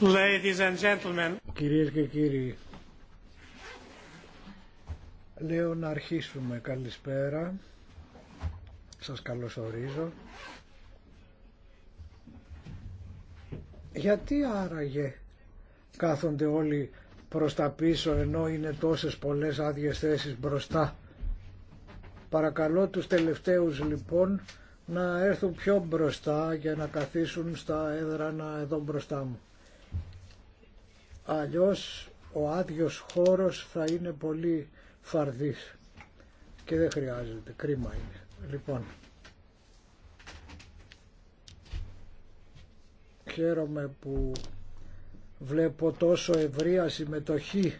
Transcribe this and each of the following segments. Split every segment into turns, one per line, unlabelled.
Ladies Κυρίες και κύριοι,
λέω να αρχίσουμε. Καλησπέρα. Σας καλωσορίζω. Γιατί άραγε κάθονται όλοι προς τα πίσω ενώ είναι τόσες πολλές άδειες θέσεις μπροστά. Παρακαλώ τους τελευταίους λοιπόν να έρθουν πιο μπροστά για να καθίσουν στα έδρανα εδώ μπροστά μου. Αλλιώς ο άδειος χώρος θα είναι πολύ φαρδής και δεν χρειάζεται. Κρίμα είναι. Λοιπόν, χαίρομαι που βλέπω τόσο ευρεία συμμετοχή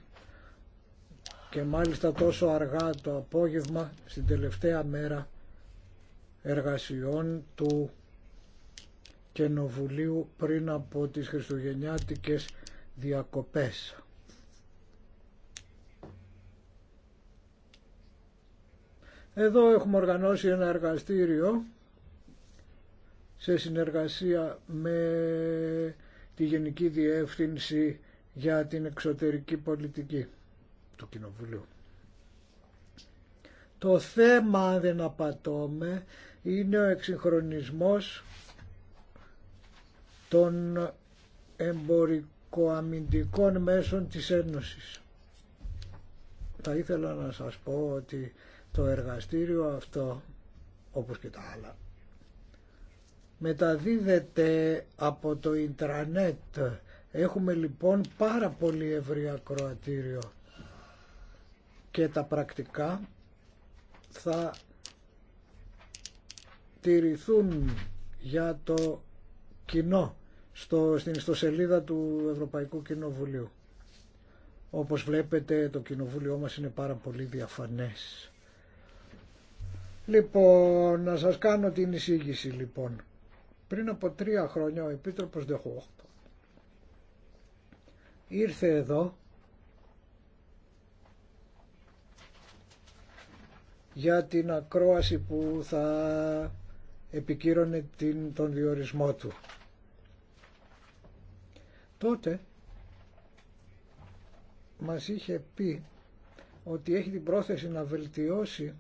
και μάλιστα τόσο αργά το απόγευμα στην τελευταία μέρα εργασιών του Κενοβουλίου πριν από τις Χριστουγεννιάτικες διακοπές. Εδώ έχουμε οργανώσει ένα εργαστήριο σε συνεργασία με τη Γενική Διεύθυνση για την Εξωτερική Πολιτική του Κοινοβουλίου. Το θέμα, αν δεν απατώμε, είναι ο εξυγχρονισμός των εμπορικών κοαμυντικών μέσων της Ένωσης. Θα ήθελα να σας πω ότι το εργαστήριο αυτό, όπως και τα άλλα, μεταδίδεται από το Ιντρανέτ. Έχουμε λοιπόν πάρα πολύ ευρύ ακροατήριο και τα πρακτικά θα τηρηθούν για το κοινό στο, στην ιστοσελίδα του Ευρωπαϊκού Κοινοβουλίου. Όπως βλέπετε το κοινοβούλιο μας είναι πάρα πολύ διαφανές. Λοιπόν, να σας κάνω την εισήγηση λοιπόν. Πριν από τρία χρόνια ο Επίτροπος Δεχόχτο ήρθε εδώ για την ακρόαση που θα επικύρωνε την, τον διορισμό του τότε μας είχε πει ότι έχει την πρόθεση να βελτιώσει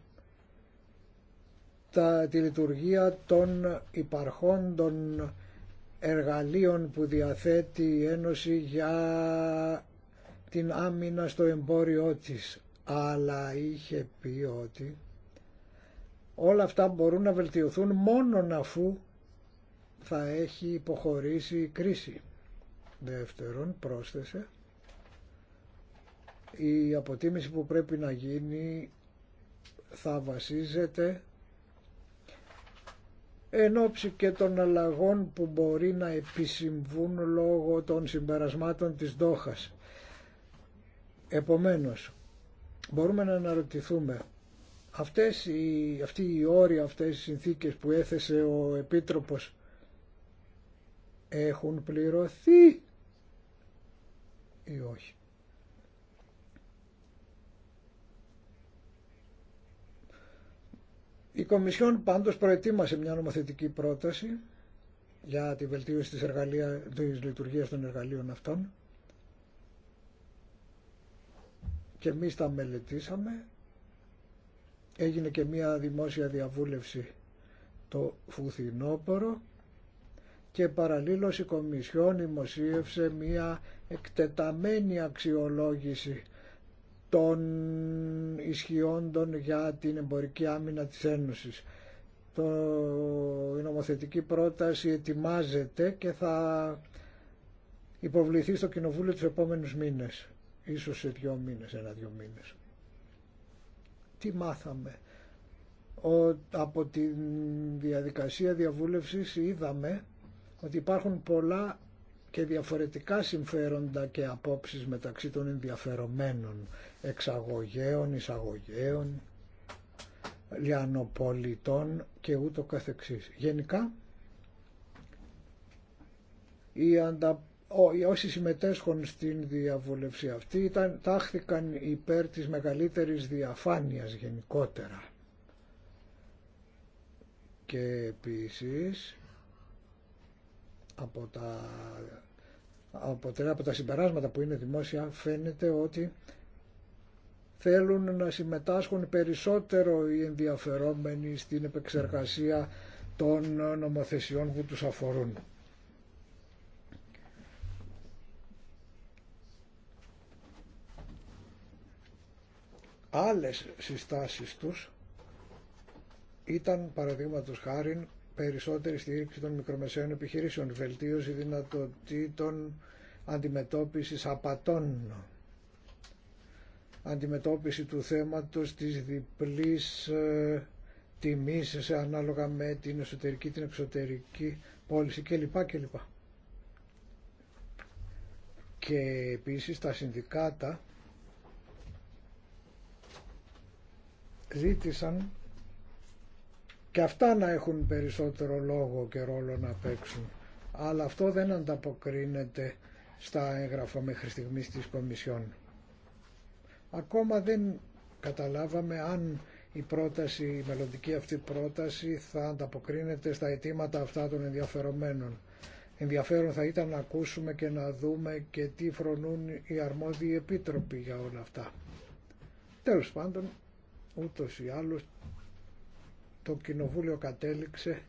τα, τη λειτουργία των υπαρχών των εργαλείων που διαθέτει η Ένωση για την άμυνα στο εμπόριό της. Αλλά είχε πει ότι όλα αυτά μπορούν να βελτιωθούν μόνον αφού θα έχει υποχωρήσει η κρίση. Δεύτερον, πρόσθεσε, η αποτίμηση που πρέπει να γίνει θα βασίζεται εν ώψη και των αλλαγών που μπορεί να επισυμβούν λόγω των συμπερασμάτων της Δόχας. Επομένως, μπορούμε να αναρωτηθούμε αυτές οι, αυτοί οι όροι, αυτές οι συνθήκες που έθεσε ο Επίτροπος έχουν πληρωθεί ή όχι. Η Κομισιόν πάντως προετοίμασε μια νομοθετική πρόταση για τη βελτίωση της, εργαλεία, της λειτουργίας των εργαλείων αυτών και εμείς τα μελετήσαμε. Έγινε και μια δημόσια διαβούλευση το φουθινόπορο και παραλήλως η Κομισιόν δημοσίευσε μία εκτεταμένη αξιολόγηση των ισχυόντων για την εμπορική άμυνα της Ένωσης. Το, η νομοθετική πρόταση ετοιμάζεται και θα υποβληθεί στο Κοινοβούλιο τους επόμενους μήνες, ίσως σε δύο μήνες, ένα-δύο μήνες. Τι μάθαμε. Ο, από τη διαδικασία διαβούλευσης είδαμε ότι υπάρχουν πολλά και διαφορετικά συμφέροντα και απόψεις μεταξύ των ενδιαφερομένων εξαγωγέων, εισαγωγέων, λιανοπολιτών και ούτω καθεξής. Γενικά, οι αντα... Ό, όσοι συμμετέσχουν στην διαβούλευση αυτή ήταν, τάχθηκαν υπέρ της μεγαλύτερης διαφάνειας γενικότερα. Και επίσης από τα, από, από συμπεράσματα που είναι δημόσια φαίνεται ότι θέλουν να συμμετάσχουν περισσότερο οι ενδιαφερόμενοι στην επεξεργασία των νομοθεσιών που τους αφορούν. Άλλες συστάσεις τους ήταν παραδείγματος χάρη περισσότερη στήριξη των μικρομεσαίων επιχειρήσεων, βελτίωση δυνατοτήτων αντιμετώπισης απατών, αντιμετώπιση του θέματος της διπλής ε, τιμής σε ανάλογα με την εσωτερική, την εξωτερική πώληση κλπ. κλπ. Και επίσης τα συνδικάτα ζήτησαν και αυτά να έχουν περισσότερο λόγο και ρόλο να παίξουν. Αλλά αυτό δεν ανταποκρίνεται στα έγγραφα μέχρι στιγμή της Κομισιόν. Ακόμα δεν καταλάβαμε αν η πρόταση, η μελλοντική αυτή πρόταση θα ανταποκρίνεται στα αιτήματα αυτά των ενδιαφερομένων. Ενδιαφέρον θα ήταν να ακούσουμε και να δούμε και τι φρονούν οι αρμόδιοι επίτροποι για όλα αυτά. Τέλος πάντων, ούτως ή άλλως το Κοινοβούλιο κατέληξε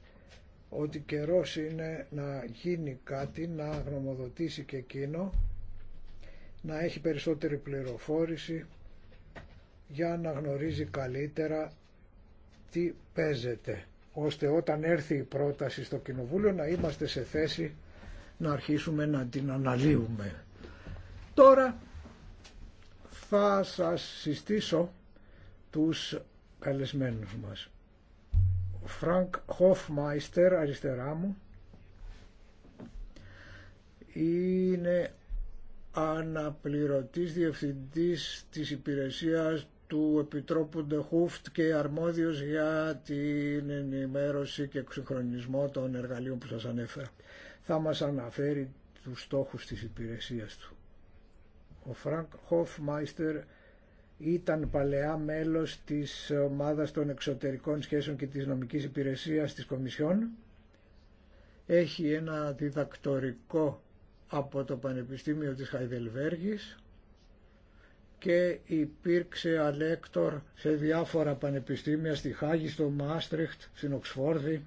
ότι καιρός είναι να γίνει κάτι, να γνωμοδοτήσει και εκείνο, να έχει περισσότερη πληροφόρηση για να γνωρίζει καλύτερα τι παίζεται, ώστε όταν έρθει η πρόταση στο Κοινοβούλιο να είμαστε σε θέση να αρχίσουμε να την αναλύουμε. Τώρα θα σας συστήσω τους καλεσμένους μας. Φρανκ Χοφμάιστερ, αριστερά μου, είναι αναπληρωτής διευθυντής της υπηρεσίας του Επιτρόπου Ντεχούφτ και αρμόδιος για την ενημέρωση και εξυγχρονισμό των εργαλείων που σας ανέφερα. Θα μας αναφέρει τους στόχους της υπηρεσίας του. Ο Φρανκ Χοφμάιστερ ήταν παλαιά μέλος της ομάδας των εξωτερικών σχέσεων και της νομικής υπηρεσίας της Κομισιόν. Έχει ένα διδακτορικό από το Πανεπιστήμιο της Χαϊδελβέργης και υπήρξε αλέκτορ σε διάφορα πανεπιστήμια στη Χάγη, στο Μάστριχτ, στην Οξφόρδη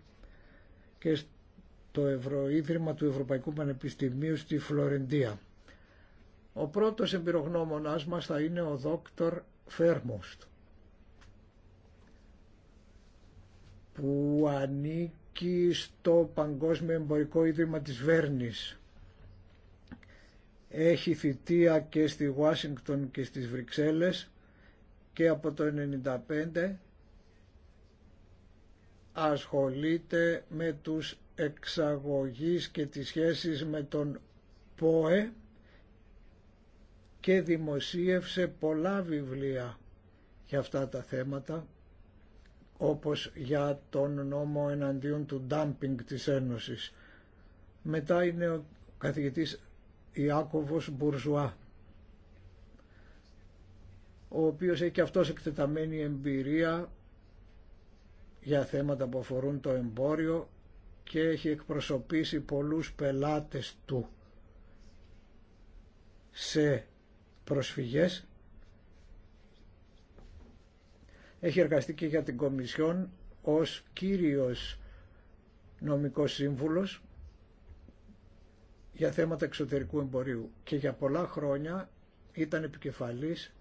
και στο Ευρωίδρυμα του Ευρωπαϊκού Πανεπιστημίου στη Φλωρεντία. Ο πρώτος εμπειρογνώμονας μας θα είναι ο δόκτωρ Φέρμοστ που ανήκει στο Παγκόσμιο Εμπορικό Ίδρυμα της Βέρνης. Έχει θητεία και στη Ουάσιγκτον και στις Βρυξέλλες και από το 1995 ασχολείται με τους εξαγωγείς και τις σχέσεις με τον ΠΟΕ και δημοσίευσε πολλά βιβλία για αυτά τα θέματα όπως για τον νόμο εναντίον του ντάμπινγκ της Ένωσης. Μετά είναι ο καθηγητής Ιάκωβος Μπουρζουά ο οποίος έχει και αυτός εκτεταμένη εμπειρία για θέματα που αφορούν το εμπόριο και έχει εκπροσωπήσει πολλούς πελάτες του σε προσφυγές. Έχει εργαστεί και για την Κομισιόν ως κύριος νομικός σύμβουλος για θέματα εξωτερικού εμπορίου και για πολλά χρόνια ήταν επικεφαλής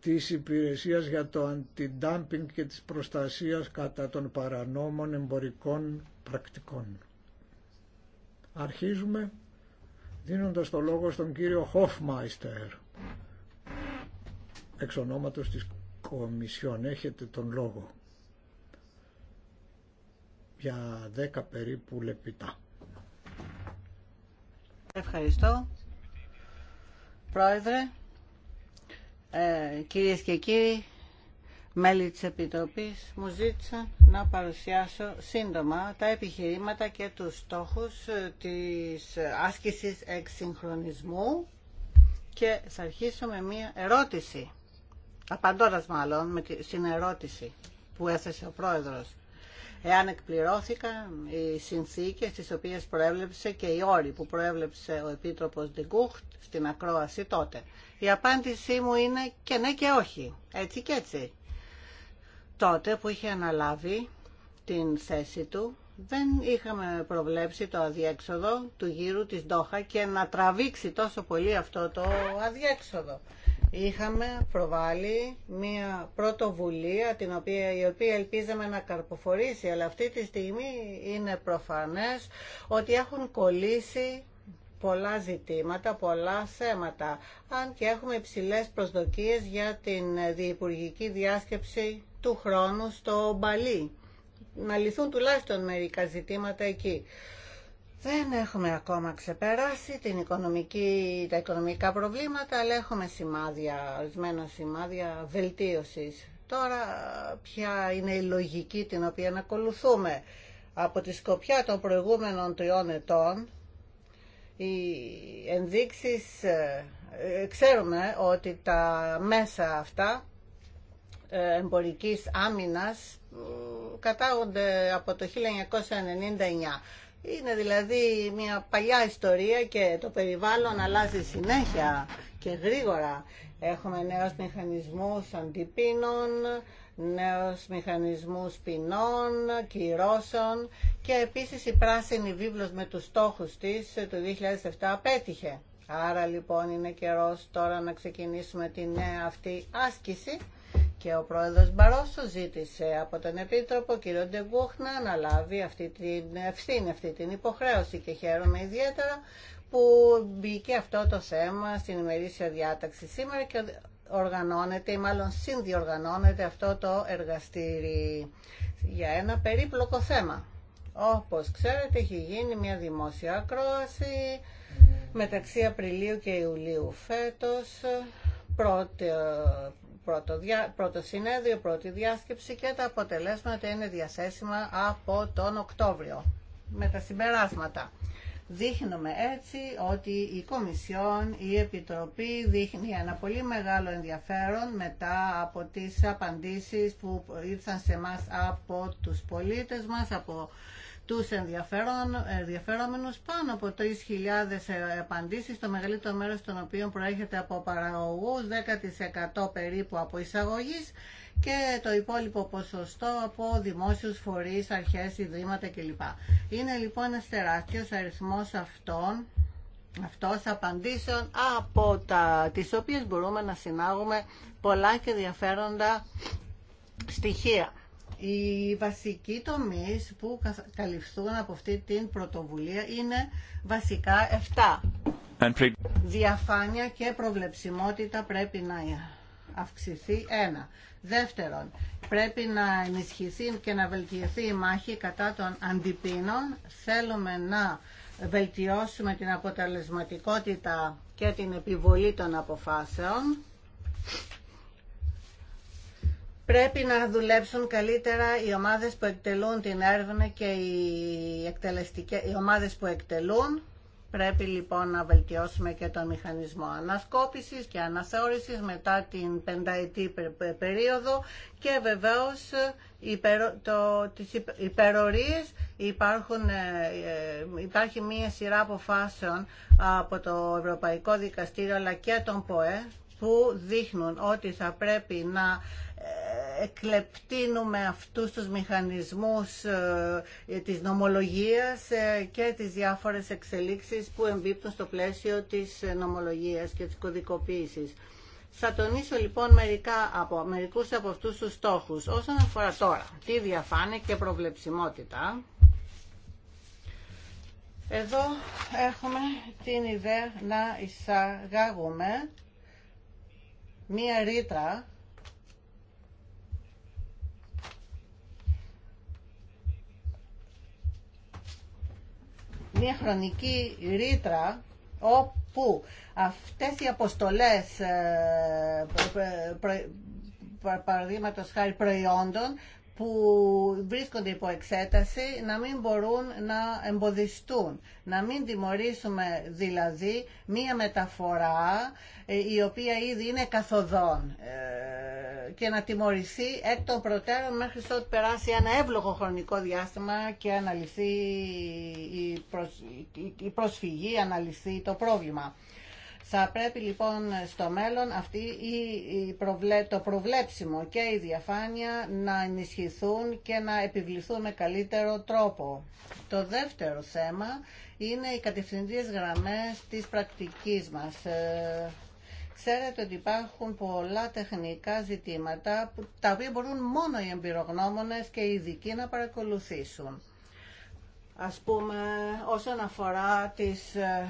της υπηρεσίας για το αντι-dumping και της προστασίας κατά των παρανόμων εμπορικών πρακτικών. Αρχίζουμε δίνοντας το λόγο στον κύριο Χοφμάιστερ εξ ονόματος της Κομισιόν. Έχετε τον λόγο για δέκα περίπου λεπτά.
Ευχαριστώ. Πρόεδρε, ε, κυρίες και κύριοι, μέλη της Επιτροπής μου ζήτησαν να παρουσιάσω σύντομα τα επιχειρήματα και τους στόχους ε, της άσκησης εξυγχρονισμού και θα αρχίσω με μία ερώτηση, απαντώντας μάλλον με τη, ερώτηση που έθεσε ο Πρόεδρος. Εάν εκπληρώθηκαν οι συνθήκες τις οποίες προέβλεψε και οι όροι που προέβλεψε ο Επίτροπος Δικούχτ στην ακρόαση τότε. Η απάντησή μου είναι και ναι και όχι, έτσι και έτσι τότε που είχε αναλάβει την θέση του δεν είχαμε προβλέψει το αδιέξοδο του γύρου της Ντόχα και να τραβήξει τόσο πολύ αυτό το αδιέξοδο. Είχαμε προβάλει μια πρωτοβουλία την οποία, η οποία ελπίζαμε να καρποφορήσει αλλά αυτή τη στιγμή είναι προφανές ότι έχουν κολλήσει πολλά ζητήματα, πολλά θέματα αν και έχουμε υψηλές προσδοκίες για την διευπουργική διάσκεψη του χρόνου στο Μπαλί. Να λυθούν τουλάχιστον μερικά ζητήματα εκεί. Δεν έχουμε ακόμα ξεπεράσει την οικονομική, τα οικονομικά προβλήματα, αλλά έχουμε σημάδια, ορισμένα σημάδια βελτίωσης. Τώρα ποια είναι η λογική την οποία να ακολουθούμε. Από τη σκοπιά των προηγούμενων τριών ετών, οι ενδείξεις, ε, ε, ξέρουμε ότι τα μέσα αυτά εμπορικής άμυνας κατάγονται από το 1999. Είναι δηλαδή μια παλιά ιστορία και το περιβάλλον αλλάζει συνέχεια και γρήγορα. Έχουμε νέους μηχανισμούς αντιπίνων, νέους μηχανισμούς ποινών, κυρώσεων και επίσης η πράσινη βίβλος με τους στόχους της το 2007 απέτυχε. Άρα λοιπόν είναι καιρός τώρα να ξεκινήσουμε τη νέα αυτή άσκηση και ο πρόεδρος Μπαρόσο ζήτησε από τον Επίτροπο κ. Ντεγκούχ να αναλάβει αυτή την ευθύνη, αυτή την υποχρέωση και χαίρομαι ιδιαίτερα που μπήκε αυτό το θέμα στην ημερήσια διάταξη σήμερα και οργανώνεται ή μάλλον συνδιοργανώνεται αυτό το εργαστήρι για ένα περίπλοκο θέμα. Όπως ξέρετε έχει γίνει μια δημόσια ακρόαση μεταξύ Απριλίου και Ιουλίου φέτος πρώτη, πρώτο, δια, πρώτο συνέδριο, πρώτη διάσκεψη και τα αποτελέσματα είναι διασέσιμα από τον Οκτώβριο με τα συμπεράσματα. Δείχνουμε έτσι ότι η Κομισιόν, η Επιτροπή δείχνει ένα πολύ μεγάλο ενδιαφέρον μετά από τις απαντήσεις που ήρθαν σε μας από τους πολίτες μας, από τους ενδιαφέρομενους πάνω από 3.000 ε, απαντήσεις, το μεγαλύτερο μέρος των οποίων προέρχεται από παραγωγούς, 10% περίπου από εισαγωγής και το υπόλοιπο ποσοστό από δημόσιους φορείς, αρχές, ιδρύματα κλπ. Είναι λοιπόν ένα τεράστιο αριθμός αυτών απαντήσεων από τα, τις οποίες μπορούμε να συνάγουμε πολλά και ενδιαφέροντα στοιχεία. Οι βασικοί τομείς που καλυφθούν από αυτή την πρωτοβουλία είναι βασικά 7. Διαφάνεια και προβλεψιμότητα πρέπει να αυξηθεί. Ένα. Δεύτερον, πρέπει να ενισχυθεί και να βελτιωθεί η μάχη κατά των αντιπίνων. Θέλουμε να βελτιώσουμε την αποτελεσματικότητα και την επιβολή των αποφάσεων. Πρέπει να δουλέψουν καλύτερα οι ομάδες που εκτελούν την έρευνα και οι, εκτελεστικές, οι ομάδες που εκτελούν. Πρέπει λοιπόν να βελτιώσουμε και τον μηχανισμό ανασκόπησης και αναθεώρησης μετά την πενταετή περίοδο και βεβαίως υπερο, το, τις υπερορίες υπάρχουν, ε, ε, υπάρχει μία σειρά αποφάσεων από το Ευρωπαϊκό Δικαστήριο αλλά και τον ΠΟΕ που δείχνουν ότι θα πρέπει να εκλεπτύνουμε αυτούς τους μηχανισμούς ε, της νομολογίας ε, και τις διάφορες εξελίξεις που εμπίπτουν στο πλαίσιο της νομολογίας και της κωδικοποίησης. Θα τονίσω λοιπόν μερικά από, μερικούς από αυτούς τους στόχους. Όσον αφορά τώρα τη διαφάνεια και προβλεψιμότητα, εδώ έχουμε την ιδέα να εισαγάγουμε μία ρήτρα μια χρονική ρήτρα όπου αυτές οι αποστολές ε, παραδείγματο χάρη προϊόντων που βρίσκονται υπό εξέταση να μην μπορούν να εμποδιστούν. Να μην τιμωρήσουμε δηλαδή μία μεταφορά ε, η οποία ήδη είναι καθοδόν ε, και να τιμωρηθεί εκ των προτέρων μέχρι ότι περάσει ένα εύλογο χρονικό διάστημα και αναλυθεί η προσφυγή, αναλυθεί το πρόβλημα. Θα πρέπει λοιπόν στο μέλλον αυτή η το προβλέψιμο και η διαφάνεια να ενισχυθούν και να επιβληθούν με καλύτερο τρόπο. Το δεύτερο θέμα είναι οι κατευθυντήριες γραμμές της πρακτικής μας. Ε, ξέρετε ότι υπάρχουν πολλά τεχνικά ζητήματα τα οποία μπορούν μόνο οι εμπειρογνώμονες και οι ειδικοί να παρακολουθήσουν. Ας πούμε, όσον αφορά τις ε,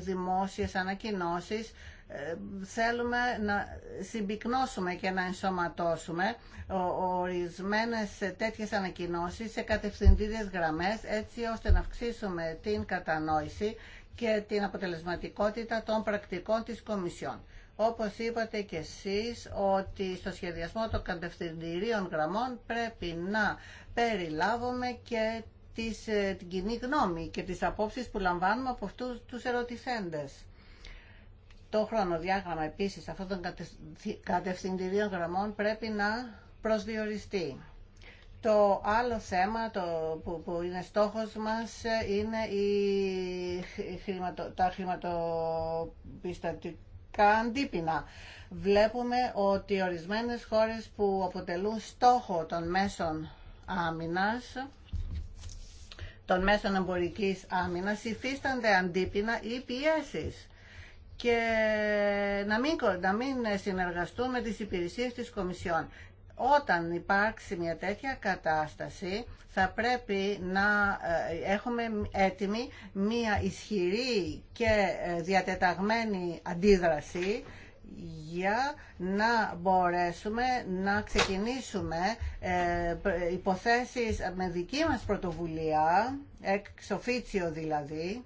δημόσιες ανακοινώσεις ε, θέλουμε να συμπυκνώσουμε και να ενσωματώσουμε ορισμένες τέτοιες ανακοινώσεις σε κατευθυντήριες γραμμές έτσι ώστε να αυξήσουμε την κατανόηση και την αποτελεσματικότητα των πρακτικών της Κομισιόν. Όπως είπατε και εσείς ότι στο σχεδιασμό των κατευθυντηρίων γραμμών πρέπει να περιλάβουμε και της, ε, την κοινή γνώμη και τις απόψεις που λαμβάνουμε από αυτούς τους ερωτηθέντες. Το χρονοδιάγραμμα επίσης αυτών των κατευθυντηρίων γραμμών πρέπει να προσδιοριστεί. Το άλλο θέμα το, που, είναι στόχος μας είναι η, χρηματο, τα χρηματοπιστωτικά αντίπεινα. Βλέπουμε ότι ορισμένες χώρες που αποτελούν στόχο των μέσων άμυνας των μέσων εμπορικής άμυνας υφίστανται αντίπεινα ή πιέσεις και να μην, να μην συνεργαστούν με τις υπηρεσίες της Κομισιόν. Όταν υπάρξει μια τέτοια κατάσταση θα πρέπει να ε, έχουμε έτοιμη μια ισχυρή και ε, διατεταγμένη αντίδραση για να μπορέσουμε να ξεκινήσουμε ε, υποθέσεις με δική μας πρωτοβουλία, εξοφίτσιο δηλαδή,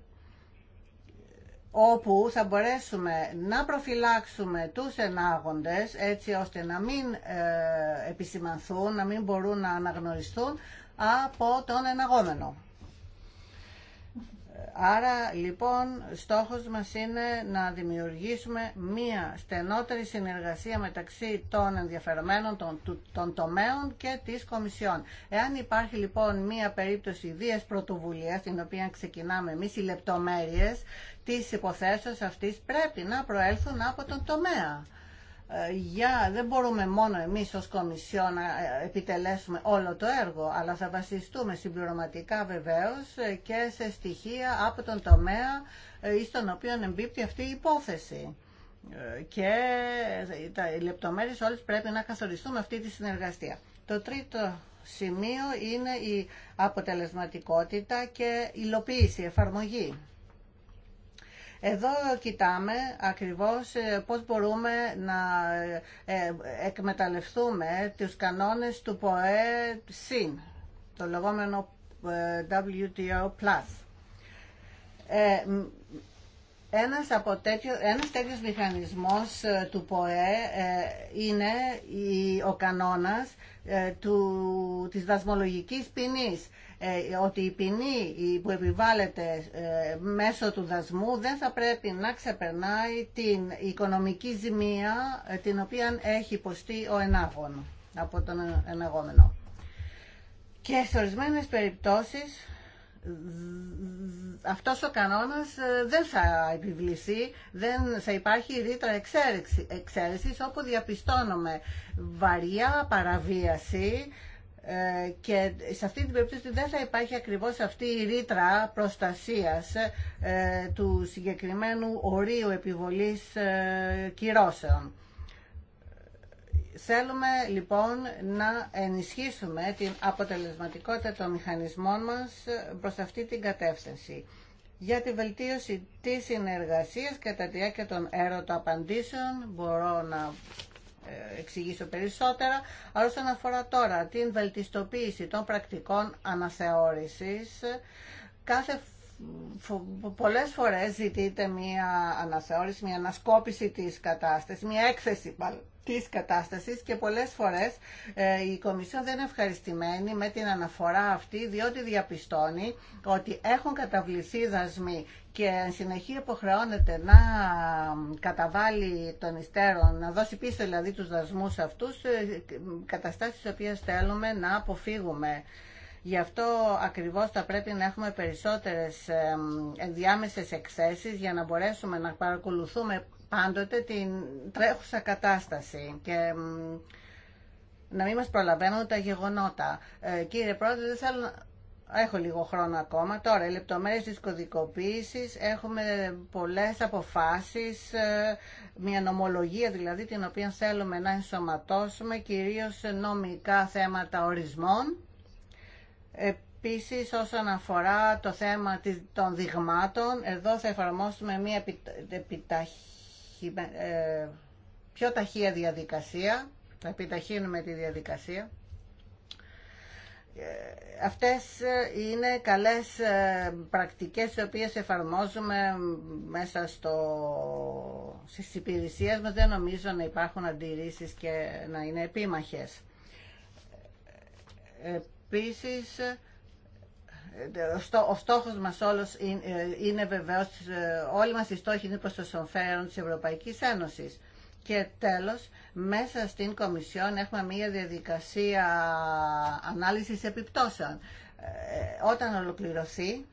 όπου θα μπορέσουμε να προφυλάξουμε τους ενάγοντες έτσι ώστε να μην ε, επισημανθούν, να μην μπορούν να αναγνωριστούν από τον εναγόμενο. Άρα λοιπόν στόχος μας είναι να δημιουργήσουμε μία στενότερη συνεργασία μεταξύ των ενδιαφερομένων των, τομέων και της Κομισιόν. Εάν υπάρχει λοιπόν μία περίπτωση ιδίας πρωτοβουλίας, την οποία ξεκινάμε εμείς οι λεπτομέρειες, τις υποθέσεις αυτής πρέπει να προέλθουν από τον τομέα. Ε, για, δεν μπορούμε μόνο εμείς ως Κομισιό να ε, επιτελέσουμε όλο το έργο, αλλά θα βασιστούμε συμπληρωματικά βεβαίως ε, και σε στοιχεία από τον τομέα ή στον οποίο εμπίπτει αυτή η υπόθεση. Και τα, οι λεπτομέρειες όλες πρέπει να καθοριστούν αυτή τη συνεργασία. Το τρίτο σημείο είναι η αποτελεσματικότητα και υλοποίηση, εφαρμογή. Εδώ κοιτάμε ακριβώς ε, πώς μπορούμε να ε, ε, εκμεταλλευτούμε τους κανόνες του ΠΟΕ ΣΥΝ, το λεγόμενο WTO+. ένας, από τέτοιο, ένας τέτοιος μηχανισμός του ΠΟΕ είναι ο κανόνας ε, του, της δασμολογικής ποινής ε, ότι η ποινή που επιβάλλεται ε, μέσω του δασμού δεν θα πρέπει να ξεπερνάει την οικονομική ζημία την οποία έχει υποστεί ο ενάγων από τον εναγόμενο. Και σε ορισμένες περιπτώσεις αυτός ο κανόνας ε, δεν θα επιβληθεί, δεν θα υπάρχει ρήτρα εξαίρεσης όπου διαπιστώνουμε βαριά παραβίαση ε, και σε αυτή την περίπτωση δεν θα υπάρχει ακριβώς αυτή η ρήτρα προστασίας ε, του συγκεκριμένου ορίου επιβολής κυρώσεων. Θέλουμε λοιπόν να ενισχύσουμε την αποτελεσματικότητα των μηχανισμών μας προς αυτή την κατεύθυνση για τη βελτίωση της συνεργασίας κατά τη διάρκεια των ερωτοαπαντήσεων μπορώ να ε, εξηγήσω περισσότερα αλλά όσον αφορά τώρα την βελτιστοποίηση των πρακτικών αναθεώρησης κάθε πολλές φορές ζητείται μια αναθεώρηση, μια ανασκόπηση της κατάστασης, μια έκθεση και πολλές φορές ε, η Κομισιόν δεν είναι ευχαριστημένη με την αναφορά αυτή διότι διαπιστώνει ότι έχουν καταβληθεί δασμοί και εν συνεχεία υποχρεώνεται να καταβάλει τον υστέρων, να δώσει πίσω δηλαδή τους δασμούς αυτούς, ε, καταστάσεις τις οποίες θέλουμε να αποφύγουμε. Γι' αυτό ακριβώς θα πρέπει να έχουμε περισσότερες διάμεσες εκθέσεις για να μπορέσουμε να παρακολουθούμε πάντοτε την τρέχουσα κατάσταση και να μην μας προλαβαίνουν τα γεγονότα. Ε, κύριε Πρόεδρε, δεν θέλω Έχω λίγο χρόνο ακόμα. Τώρα, οι λεπτομέρειες της κωδικοποίησης, έχουμε πολλές αποφάσεις, ε, μια νομολογία δηλαδή την οποία θέλουμε να ενσωματώσουμε, κυρίως νομικά θέματα ορισμών Επίσης όσον αφορά το θέμα των δειγμάτων, εδώ θα εφαρμόσουμε μια ε, πιο ταχεία διαδικασία, θα επιταχύνουμε τη διαδικασία. Ε, αυτές ε, είναι καλές πρακτικές οι οποίες εφαρμόζουμε μέσα στο, στις υπηρεσίες μας. Δεν νομίζω να υπάρχουν αντιρρήσεις και να είναι επίμαχες Επίσης, ε, ε, ο στόχος μας όλος ε, είναι βεβαίως, όλοι μας οι στόχοι είναι προς το συμφέρον της Ευρωπαϊκής Ένωσης. Και τέλος, μέσα στην Κομισιόν έχουμε μία διαδικασία ανάλυσης επιπτώσεων. Όταν ολοκληρωθεί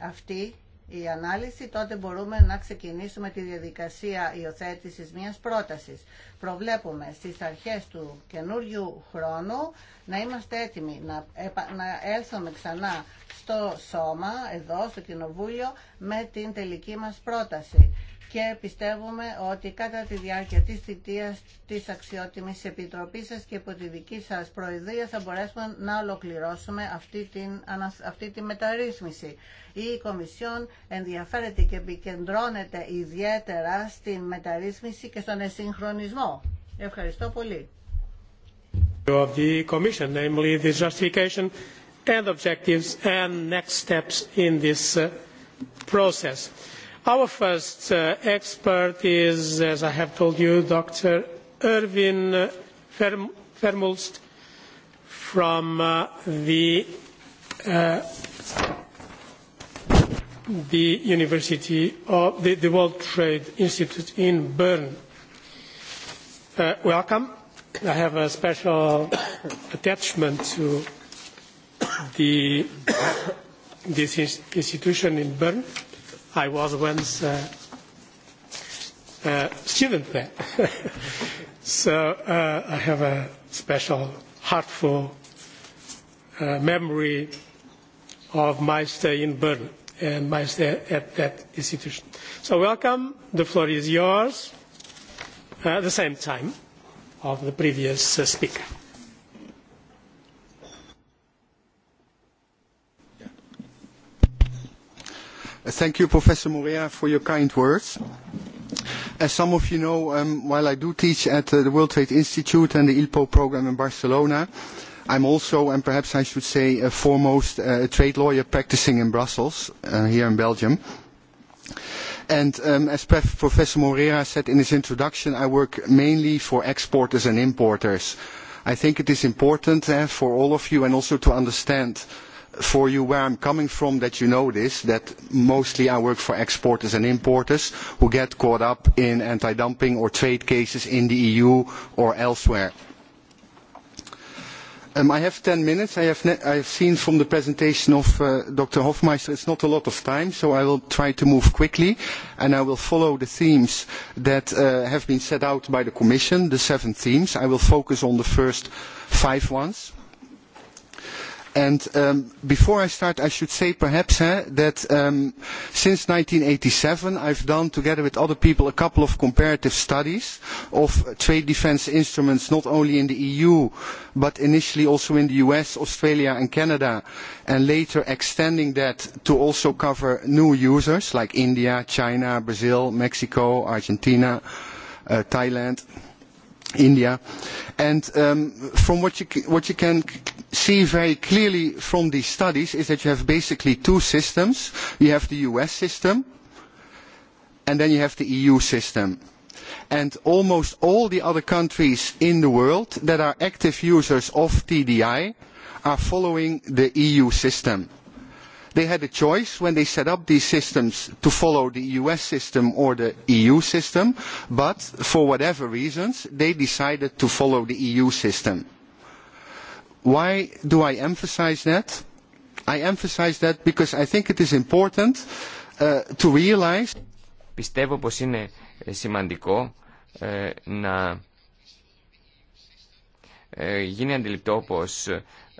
αυτή η ανάλυση, τότε μπορούμε να ξεκινήσουμε τη διαδικασία υιοθέτηση μιας πρότασης. Προβλέπουμε στις αρχές του καινούριου χρόνου να είμαστε έτοιμοι να, να έλθουμε ξανά στο σώμα, εδώ, στο Κοινοβούλιο, με την τελική μας πρόταση και πιστεύουμε ότι κατά τη διάρκεια της θητείας της αξιότιμης επιτροπής σας και από τη δική σας προεδρία θα μπορέσουμε να ολοκληρώσουμε αυτή, τη μεταρρύθμιση. Η Κομισιόν ενδιαφέρεται και επικεντρώνεται ιδιαίτερα στην μεταρρύθμιση και στον εσυγχρονισμό. Ευχαριστώ πολύ.
in Our first expert is, as I have told you, Dr. Erwin Vermulst from the University of the World Trade Institute in Bern. Welcome. I have a special attachment to this institution in Bern I was once a student there. So I have a special heartful memory of my stay in Bern and my stay at that institution. So welcome. The floor is yours at the same time of the previous speaker. Thank
you, Professor Moreira, for your kind words. As some of you know, while I do teach at the World Trade Institute and the ILPO program in Barcelona, I'm also, and perhaps I should say, foremost a trade lawyer practicing in Brussels, here in Belgium. And as Professor Moreira said in his introduction, I work mainly for exporters and importers. I think it is important for all of you and also to understand for you where I'm coming from that you know this, that mostly I work for exporters and importers who get caught up in anti-dumping or trade cases in the EU or elsewhere. I have 10 minutes. I have seen from the presentation of Dr. Hofmeister it's not a lot of time, so I will try to move quickly and I will follow the themes that have been set out by the Commission, the seven themes. I will focus on the first five ones. And before I start, I should say perhaps that since 1987 I've done, together with other people, a couple of comparative studies of trade defence instruments, not only in the EU, but initially also in the US, Australia and Canada, and later extending that to also cover new users like India, China, Brazil, Mexico, Argentina, Thailand. India. And from what you can see very clearly from these studies is that you have basically two systems. You have the US system and then you have the EU system. And almost all the other countries in the world that are active users of TDI are following the EU system they had a choice when they set up these systems to follow the us system or the eu system but for whatever reasons they decided to follow the eu system. why do i emphasise that? i emphasise that because i think it is important to realise
Πιστεύω πως είναι σημαντικό να γίνει αντιληπτό πως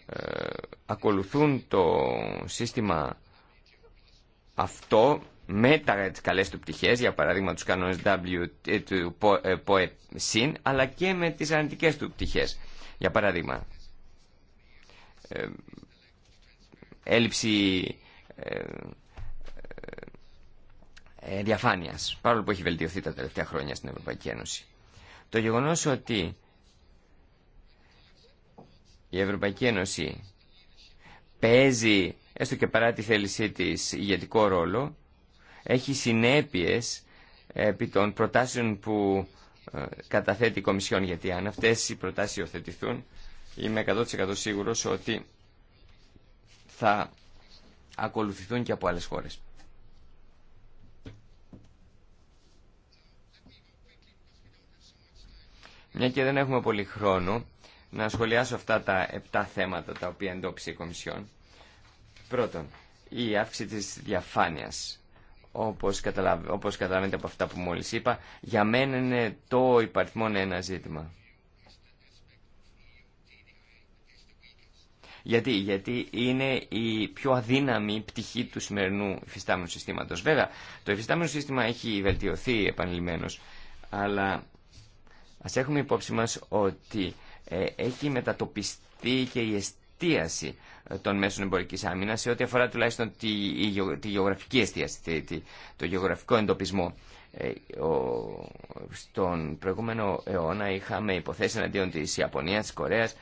ε, ακολουθούν το σύστημα αυτό με τα, τις καλές του πτυχές, για παράδειγμα τους κανόνες W ε, του ε, αλλά και με τις αρνητικές του πτυχές. Για παράδειγμα, έλλειψη ε, διαφάνειας, παρόλο που έχει βελτιωθεί τα τελευταία χρόνια στην Ευρωπαϊκή Ένωση. Το γεγονός ότι η Ευρωπαϊκή Ένωση παίζει, έστω και παρά τη θέλησή της, ηγετικό ρόλο, έχει συνέπειες ε, επί των προτάσεων που ε, καταθέτει η Κομισιόν, γιατί αν αυτές οι προτάσεις υιοθετηθούν, είμαι 100% σίγουρος ότι θα ακολουθηθούν και από άλλες χώρες. Μια και δεν έχουμε πολύ χρόνο, να σχολιάσω αυτά τα επτά θέματα τα οποία εντόπισε η Κομισιόν. Πρώτον, η αύξηση της διαφάνειας. Όπως, καταλαβα... καταλαβαίνετε από αυτά που μόλις είπα, για μένα είναι το υπαριθμόν ένα ζήτημα. Γιατί, γιατί είναι η πιο αδύναμη πτυχή του σημερινού υφιστάμενου συστήματος. Βέβαια, το υφιστάμενο σύστημα έχει βελτιωθεί επανειλημμένως, αλλά ας έχουμε υπόψη μας ότι ε, έχει μετατοπιστεί και η εστίαση ε, των μέσων εμπορικής άμυνας σε ό,τι αφορά τουλάχιστον τη, γεωγραφική εστίαση, το γεωγραφικό εντοπισμό. Ε, στον προηγούμενο αιώνα είχαμε υποθέσει εναντίον της Ιαπωνίας, της Κορέας,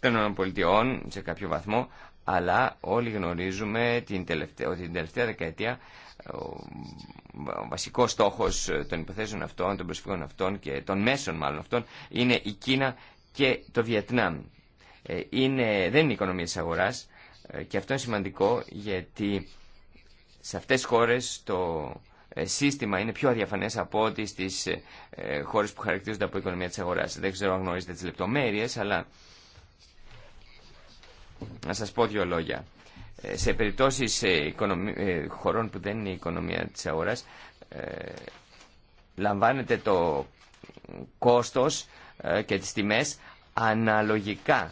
των ΗΠΑ σε κάποιο βαθμό, αλλά όλοι γνωρίζουμε την ότι την τελευταία δεκαετία ο βασικός στόχος ε, των υποθέσεων αυτών, των προσφύγων αυτών και των μέσων μάλλον αυτών είναι η Κίνα και το Βιετνάμ. Ε, είναι, δεν είναι οικονομία της αγοράς ε, και αυτό είναι σημαντικό γιατί σε αυτές τις χώρες το σύστημα είναι πιο αδιαφανές από ό,τι στις χώρες που χαρακτηρίζονται από οικονομία της αγοράς. Δεν ξέρω αν γνωρίζετε τις λεπτομέρειες, αλλά να σας πω δύο λόγια σε περιπτώσεις ε, ε, χωρών που δεν είναι η οικονομία της αγοράς ε, λαμβάνεται το κόστος και τις τιμές αναλογικά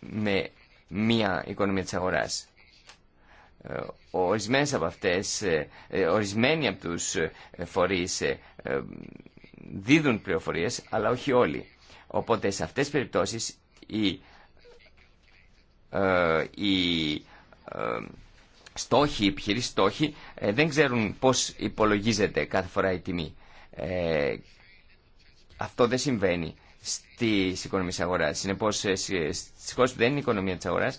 με μία οικονομία της αγοράς. από αυτές, ορισμένοι από τους φορείς δίδουν πληροφορίες, αλλά όχι όλοι. Οπότε σε αυτές τις περιπτώσεις η ε, οι ε, στόχοι, οι επιχειρήσεις στόχοι ε, δεν ξέρουν πώς υπολογίζεται κάθε φορά η τιμή. Αυτό δεν συμβαίνει στη οικονομίες αγορά Συνεπώ, στι χώρε που δεν είναι η οικονομία τη αγορά.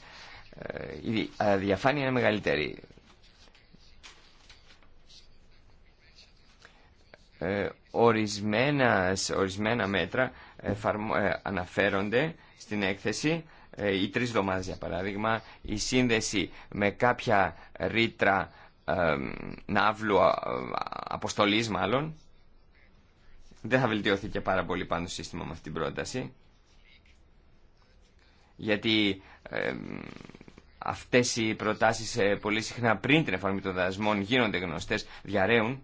η αδιαφάνεια είναι μεγαλύτερη. Ορισμένα, ορισμένα μέτρα αναφέρονται στην έκθεση ή ε, τρεις εβδομάδες για παράδειγμα, η τρεις εβδομαδε για παραδειγμα η συνδεση με κάποια ρήτρα ε, ναύλου, αποστολής μάλλον, δεν θα βελτιωθεί πάρα πολύ πάνω στο σύστημα με αυτή την πρόταση. Γιατί ε, αυτές οι προτάσεις ε, πολύ συχνά πριν την εφαρμογή των δασμών γίνονται γνωστές, διαραίουν.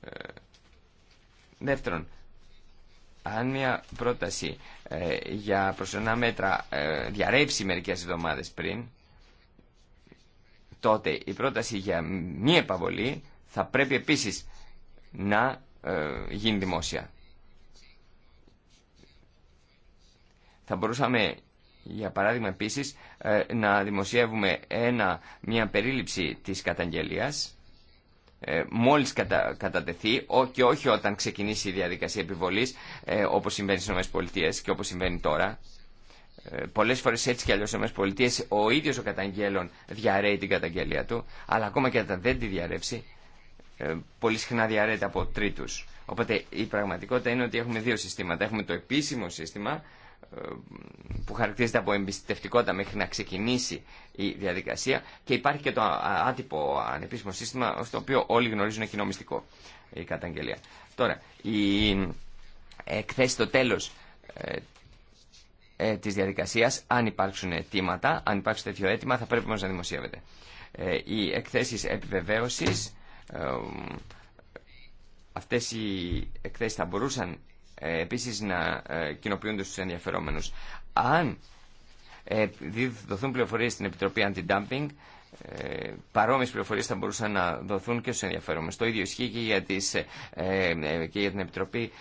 Ε, δεύτερον, αν μια πρόταση ε, για προσωρινά μέτρα ε, διαρρεύσει μερικές εβδομάδες πριν, τότε η πρόταση για μία επαβολή θα πρέπει επίσης να ε, γίνει δημόσια. Θα μπορούσαμε, για παράδειγμα επίσης, ε, να δημοσιεύουμε ένα, μια περίληψη της καταγγελίας ε, μόλις κατα, κατατεθεί και όχι όταν ξεκινήσει η διαδικασία επιβολής ε, όπως συμβαίνει στις ΗΠΑ και όπως συμβαίνει τώρα. Ε, πολλές φορές έτσι και αλλιώς στις ΗΠΑ ο ίδιος ο καταγγέλων διαρρέει την καταγγελία του αλλά ακόμα και όταν δεν τη διαρρεύσει πολύ συχνά διαρρέεται από τρίτους. Οπότε η πραγματικότητα είναι ότι έχουμε δύο συστήματα. Έχουμε το επίσημο σύστημα που χαρακτηρίζεται από εμπιστευτικότητα μέχρι να ξεκινήσει η διαδικασία και υπάρχει και το άτυπο ανεπίσημο σύστημα στο οποίο όλοι γνωρίζουν κοινό μυστικό η καταγγελία. Τώρα, η εκθέση στο τέλος ε, ε, της διαδικασίας, αν υπάρξουν αιτήματα, αν υπάρξει τέτοιο αίτημα θα πρέπει όμως να δημοσιεύεται. Ε, οι εκθέσεις επιβεβαίωσης, ε, αυτές οι εκθέσεις θα μπορούσαν ε, επίσης να ε, κοινοποιούνται στους ενδιαφερόμενους. Αν ε, δοθούν πληροφορίες στην Επιτροπή ε, παρόμοιες πληροφορίες θα μπορούσαν να δοθούν και στους ενδιαφέρομενους. Το ίδιο ισχύει και για, τις, και για την Επιτροπή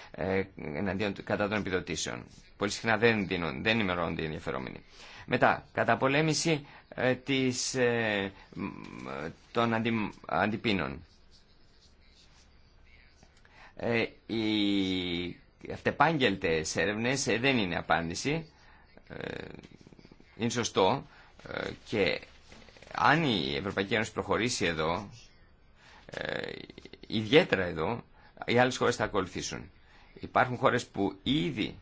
εναντίον, κατά των επιδοτήσεων. Πολύ συχνά δεν, δίνουν, δεν ενημερώνονται οι ενδιαφερόμενοι. Μετά, καταπολέμηση της, των αντι, αντιπίνων. η αυτεπάγγελτες έρευνες ε, δεν είναι απάντηση. Ε, είναι σωστό ε, και αν η Ευρωπαϊκή Ένωση προχωρήσει εδώ, ιδιαίτερα εδώ, οι άλλες χώρες θα ακολουθήσουν. Υπάρχουν χώρες που ήδη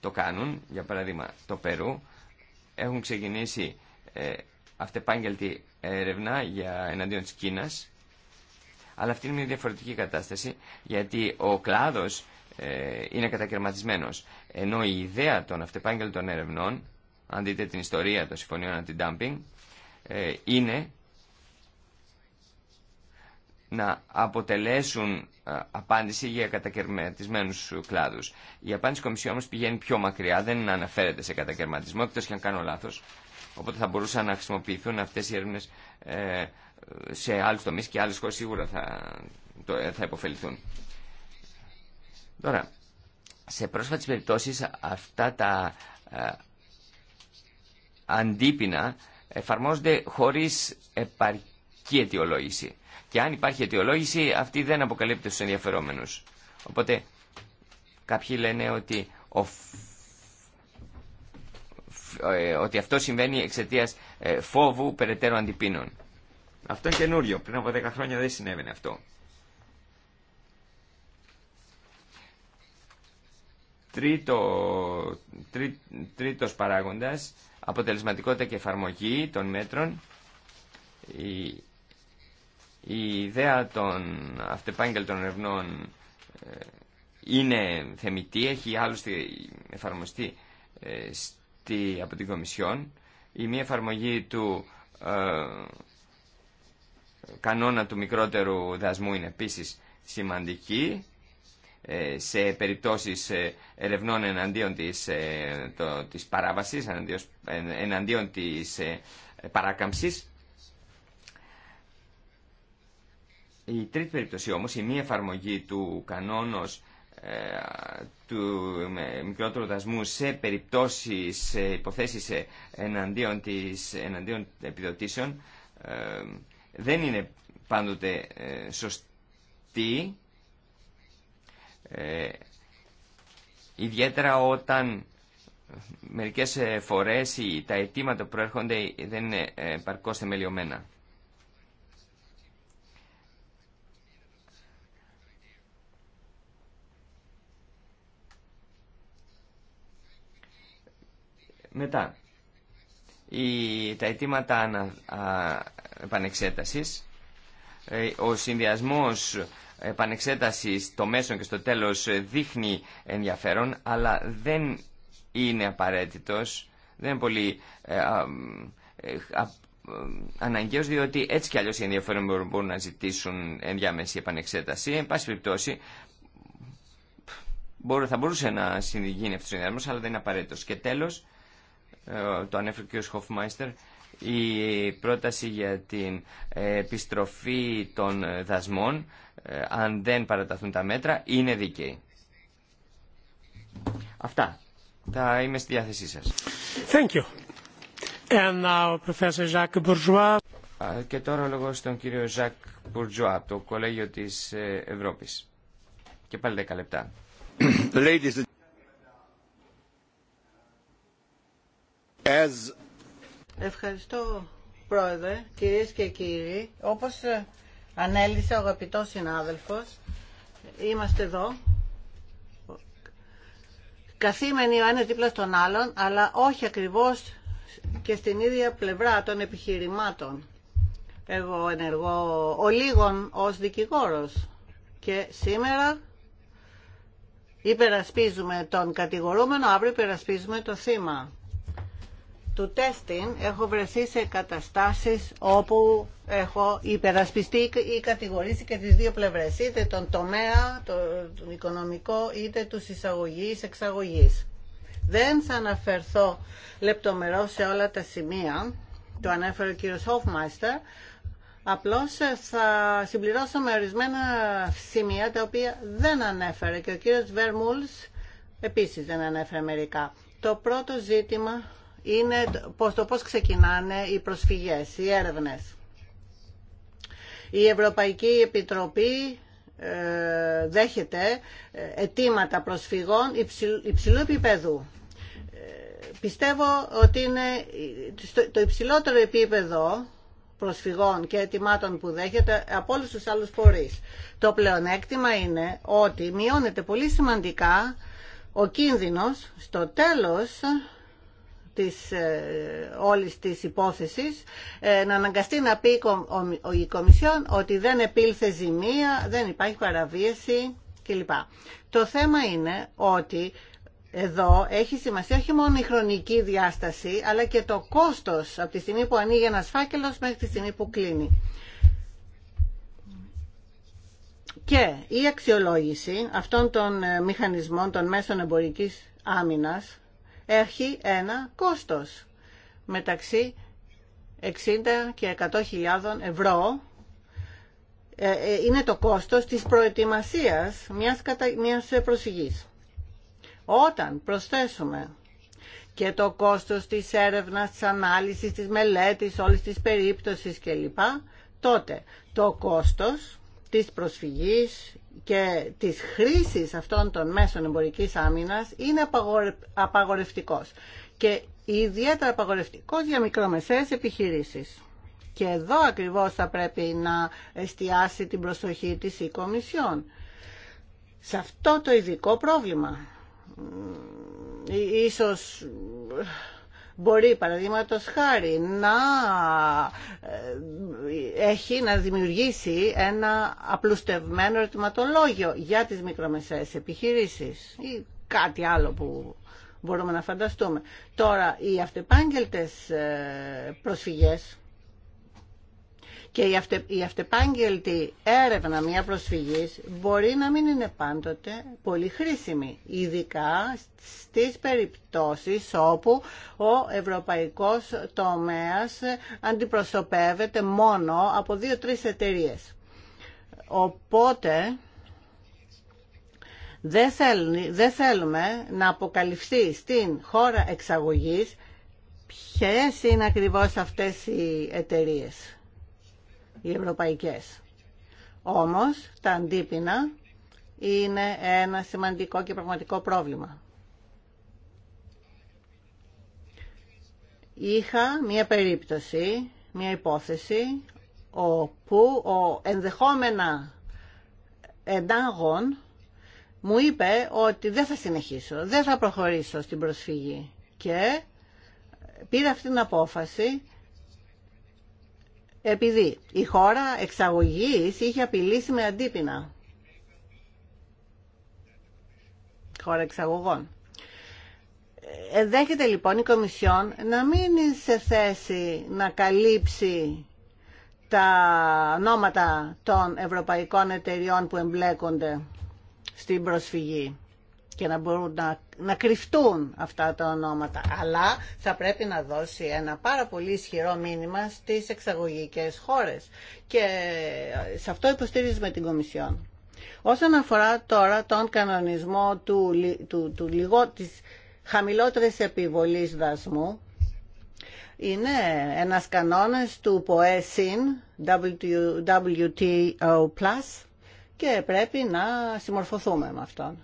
το κάνουν, για παράδειγμα το Περού, έχουν ξεκινήσει αυτεπάγγελτη έρευνα για εναντίον της Κίνας, αλλά αυτή είναι μια διαφορετική κατάσταση, γιατί ο κλάδος ε, είναι κατακαιρματισμένος. Ενώ η ιδέα των αυτεπάγγελτων ερευνών, αν δείτε την ιστορία των συμφωνίων αντι-dumping, ε, είναι να αποτελέσουν ε, απάντηση για κατακαιρματισμένου κλάδους. Η απάντηση Κομισιόν όμως πηγαίνει πιο μακριά, δεν αναφέρεται σε κατακαιρματισμό, εκτό και αν κάνω λάθος. Οπότε θα μπορούσαν να χρησιμοποιηθούν αυτέ οι έρευνε σε άλλου τομεί και άλλε χώρε σίγουρα θα, θα υποφεληθούν. Τώρα, σε πρόσφατες περιπτώσεις αυτά τα ε, αντίπινα εφαρμόζονται χωρίς επαρκή αιτιολόγηση. Και αν υπάρχει αιτιολόγηση, αυτή δεν αποκαλύπτει στους ενδιαφερόμενους. Οπότε, κάποιοι λένε ότι, ο... Ε, ότι αυτό συμβαίνει εξαιτίας ε, φόβου περαιτέρω αντιπίνων. Αυτό είναι καινούριο. Πριν από 10 χρόνια δεν συνέβαινε αυτό. Τρίτο, τρί, τρίτος παράγοντας, αποτελεσματικότητα και εφαρμογή των μέτρων. Η, η ιδέα των αυτεπάγγελτων ερευνών ε, είναι θεμητή, έχει άλλωστε εφαρμοστεί ε, στη, από την Κομισιόν. Η μία εφαρμογή του ε, κανόνα του μικρότερου δασμού είναι επίσης σημαντική ε, σε περιπτώσεις ε, ερευνών εναντίον της, ε, της παράβασης, εναντίον, της παράκαμψης. Η τρίτη περίπτωση όμως, η μη εφαρμογή του κανόνος του μικρότερου δασμού σε περιπτώσεις, υποθέσεις εναντίον, της, εναντίον επιδοτήσεων δεν είναι πάντοτε σωστή ε, ιδιαίτερα όταν μερικές ε, φορές τα αιτήματα που προέρχονται δεν είναι ε, παρκώς θεμελιωμένα. Μετά, η, τα αιτήματα ανα, επανεξέτασης ε, ο συνδυασμός επανεξέτασης στο μέσο και στο τέλος δείχνει ενδιαφέρον, αλλά δεν είναι απαραίτητος, δεν είναι πολύ ε, ε, αναγκαίος, διότι έτσι κι αλλιώς οι ενδιαφέρον μπορούν, να ζητήσουν ενδιάμεση επανεξέταση. Εν πάση περιπτώσει, θα μπορούσε να γίνει αυτό ο συνδυασμός, αλλά δεν είναι απαραίτητος. Και τέλος, το ανέφερε ο κ. Σχοφμάιστερ, η πρόταση για την επιστροφή των δασμών ε, αν δεν παραταθούν τα μέτρα είναι δίκαιη. Αυτά. Θα είμαι στη διάθεσή σας. Thank you. And now, Professor Jacques Bourgeois. Και τώρα ο λόγος στον κύριο Ζακ Μπουρτζουά, από το Κολέγιο της ε, Ευρώπης. Και πάλι 10 λεπτά. Ladies as
Ευχαριστώ, Πρόεδρε, κυρίες και κύριοι. Όπως ε, ανέλησε ο αγαπητός συνάδελφος, είμαστε εδώ, καθήμενοι ο ένας δίπλα στον άλλον, αλλά όχι ακριβώς και στην ίδια πλευρά των επιχειρημάτων. Εγώ ενεργώ ο λίγων ως δικηγόρος και σήμερα υπερασπίζουμε τον κατηγορούμενο, αύριο υπερασπίζουμε το θύμα του τεστίν έχω βρεθεί σε καταστάσεις όπου έχω υπερασπιστεί ή κατηγορήσει και τις δύο πλευρές, είτε τον τομέα, τον οικονομικό, είτε τους εισαγωγής, εξαγωγής. Δεν θα αναφερθώ λεπτομερώς σε όλα τα σημεία, το ανέφερε ο κύριος Hofmeister, απλώς θα συμπληρώσω με ορισμένα σημεία τα οποία δεν ανέφερε και ο κύριος Βερμούλς επίσης δεν ανέφερε μερικά. Το πρώτο ζήτημα είναι το πώς ξεκινάνε οι προσφυγές, οι έρευνες. Η Ευρωπαϊκή Επιτροπή ε, δέχεται ε, αιτήματα προσφυγών υψηλού επίπεδου. Ε, πιστεύω ότι είναι το υψηλότερο επίπεδο προσφυγών και αιτημάτων που δέχεται από όλους τους άλλους φορείς. Το πλεονέκτημα είναι ότι μειώνεται πολύ σημαντικά ο κίνδυνος στο τέλος της ε, όλης της υπόθεσης ε, να αναγκαστεί να πει η Κομισιόν ότι δεν επήλθε ζημία, δεν υπάρχει παραβίαση κλπ. Το θέμα είναι ότι εδώ έχει σημασία όχι μόνο η χρονική διάσταση, αλλά και το κόστος από τη στιγμή που ανοίγει ένας φάκελος μέχρι τη στιγμή που κλείνει. Και η αξιολόγηση αυτών των ε, μηχανισμών των μέσων εμπορικής άμυνας έχει ένα κόστος μεταξύ 60 και 100.000 ευρώ ε, ε, είναι το κόστος της προετοιμασίας μιας, κατα... μιας προσφυγής. Όταν προσθέσουμε και το κόστος της έρευνας, της ανάλυσης, της μελέτης, όλης της περίπτωσης κλπ, τότε το κόστος της προσφυγής και της χρήσης αυτών των μέσων εμπορικής άμυνας είναι απαγορευτικός και ιδιαίτερα απαγορευτικός για μικρομεσαίες επιχειρήσεις. Και εδώ ακριβώς θα πρέπει να εστιάσει την προσοχή της η Κομισιόν. Σε αυτό το ειδικό πρόβλημα. Ίσως μπορεί παραδείγματο χάρη να ε, έχει να δημιουργήσει ένα απλουστευμένο ερωτηματολόγιο για τις μικρομεσαίες επιχειρήσεις ή κάτι άλλο που μπορούμε να φανταστούμε. Τώρα, οι αυτεπάγγελτες ε, προσφυγές και η, αυτε, αυτεπάγγελτη έρευνα μια προσφυγής μπορεί να μην είναι πάντοτε πολύ χρήσιμη, ειδικά στις περιπτώσεις όπου ο ευρωπαϊκός τομέας αντιπροσωπεύεται μόνο από δύο-τρεις εταιρείες. Οπότε δεν, δεν θέλουμε να αποκαλυφθεί στην χώρα εξαγωγής ποιες είναι ακριβώς αυτές οι εταιρείες οι ευρωπαϊκές. Όμως τα αντίπεινα είναι ένα σημαντικό και πραγματικό πρόβλημα. Είχα μία περίπτωση, μία υπόθεση, όπου ο ενδεχόμενα εντάγων μου είπε ότι δεν θα συνεχίσω, δεν θα προχωρήσω στην προσφυγή. Και πήρα αυτή την απόφαση επειδή η χώρα εξαγωγής είχε απειλήσει με αντίπεινα. Χώρα εξαγωγών. Ε, δέχεται λοιπόν η Κομισιόν να μην είναι σε θέση να καλύψει τα νόματα των ευρωπαϊκών εταιριών που εμπλέκονται στην προσφυγή και να μπορούν να, κρυφτούν αυτά τα ονόματα. Αλλά θα πρέπει να δώσει ένα πάρα πολύ ισχυρό μήνυμα στις εξαγωγικές χώρες. Και ε, σε αυτό υποστηρίζουμε την Κομισιόν. Όσον αφορά τώρα τον κανονισμό του, του, του, της χαμηλότερης επιβολής δασμού, είναι ένας κανόνας του ΠΟΕΣΙΝ, WTO+, και πρέπει να συμμορφωθούμε με αυτόν.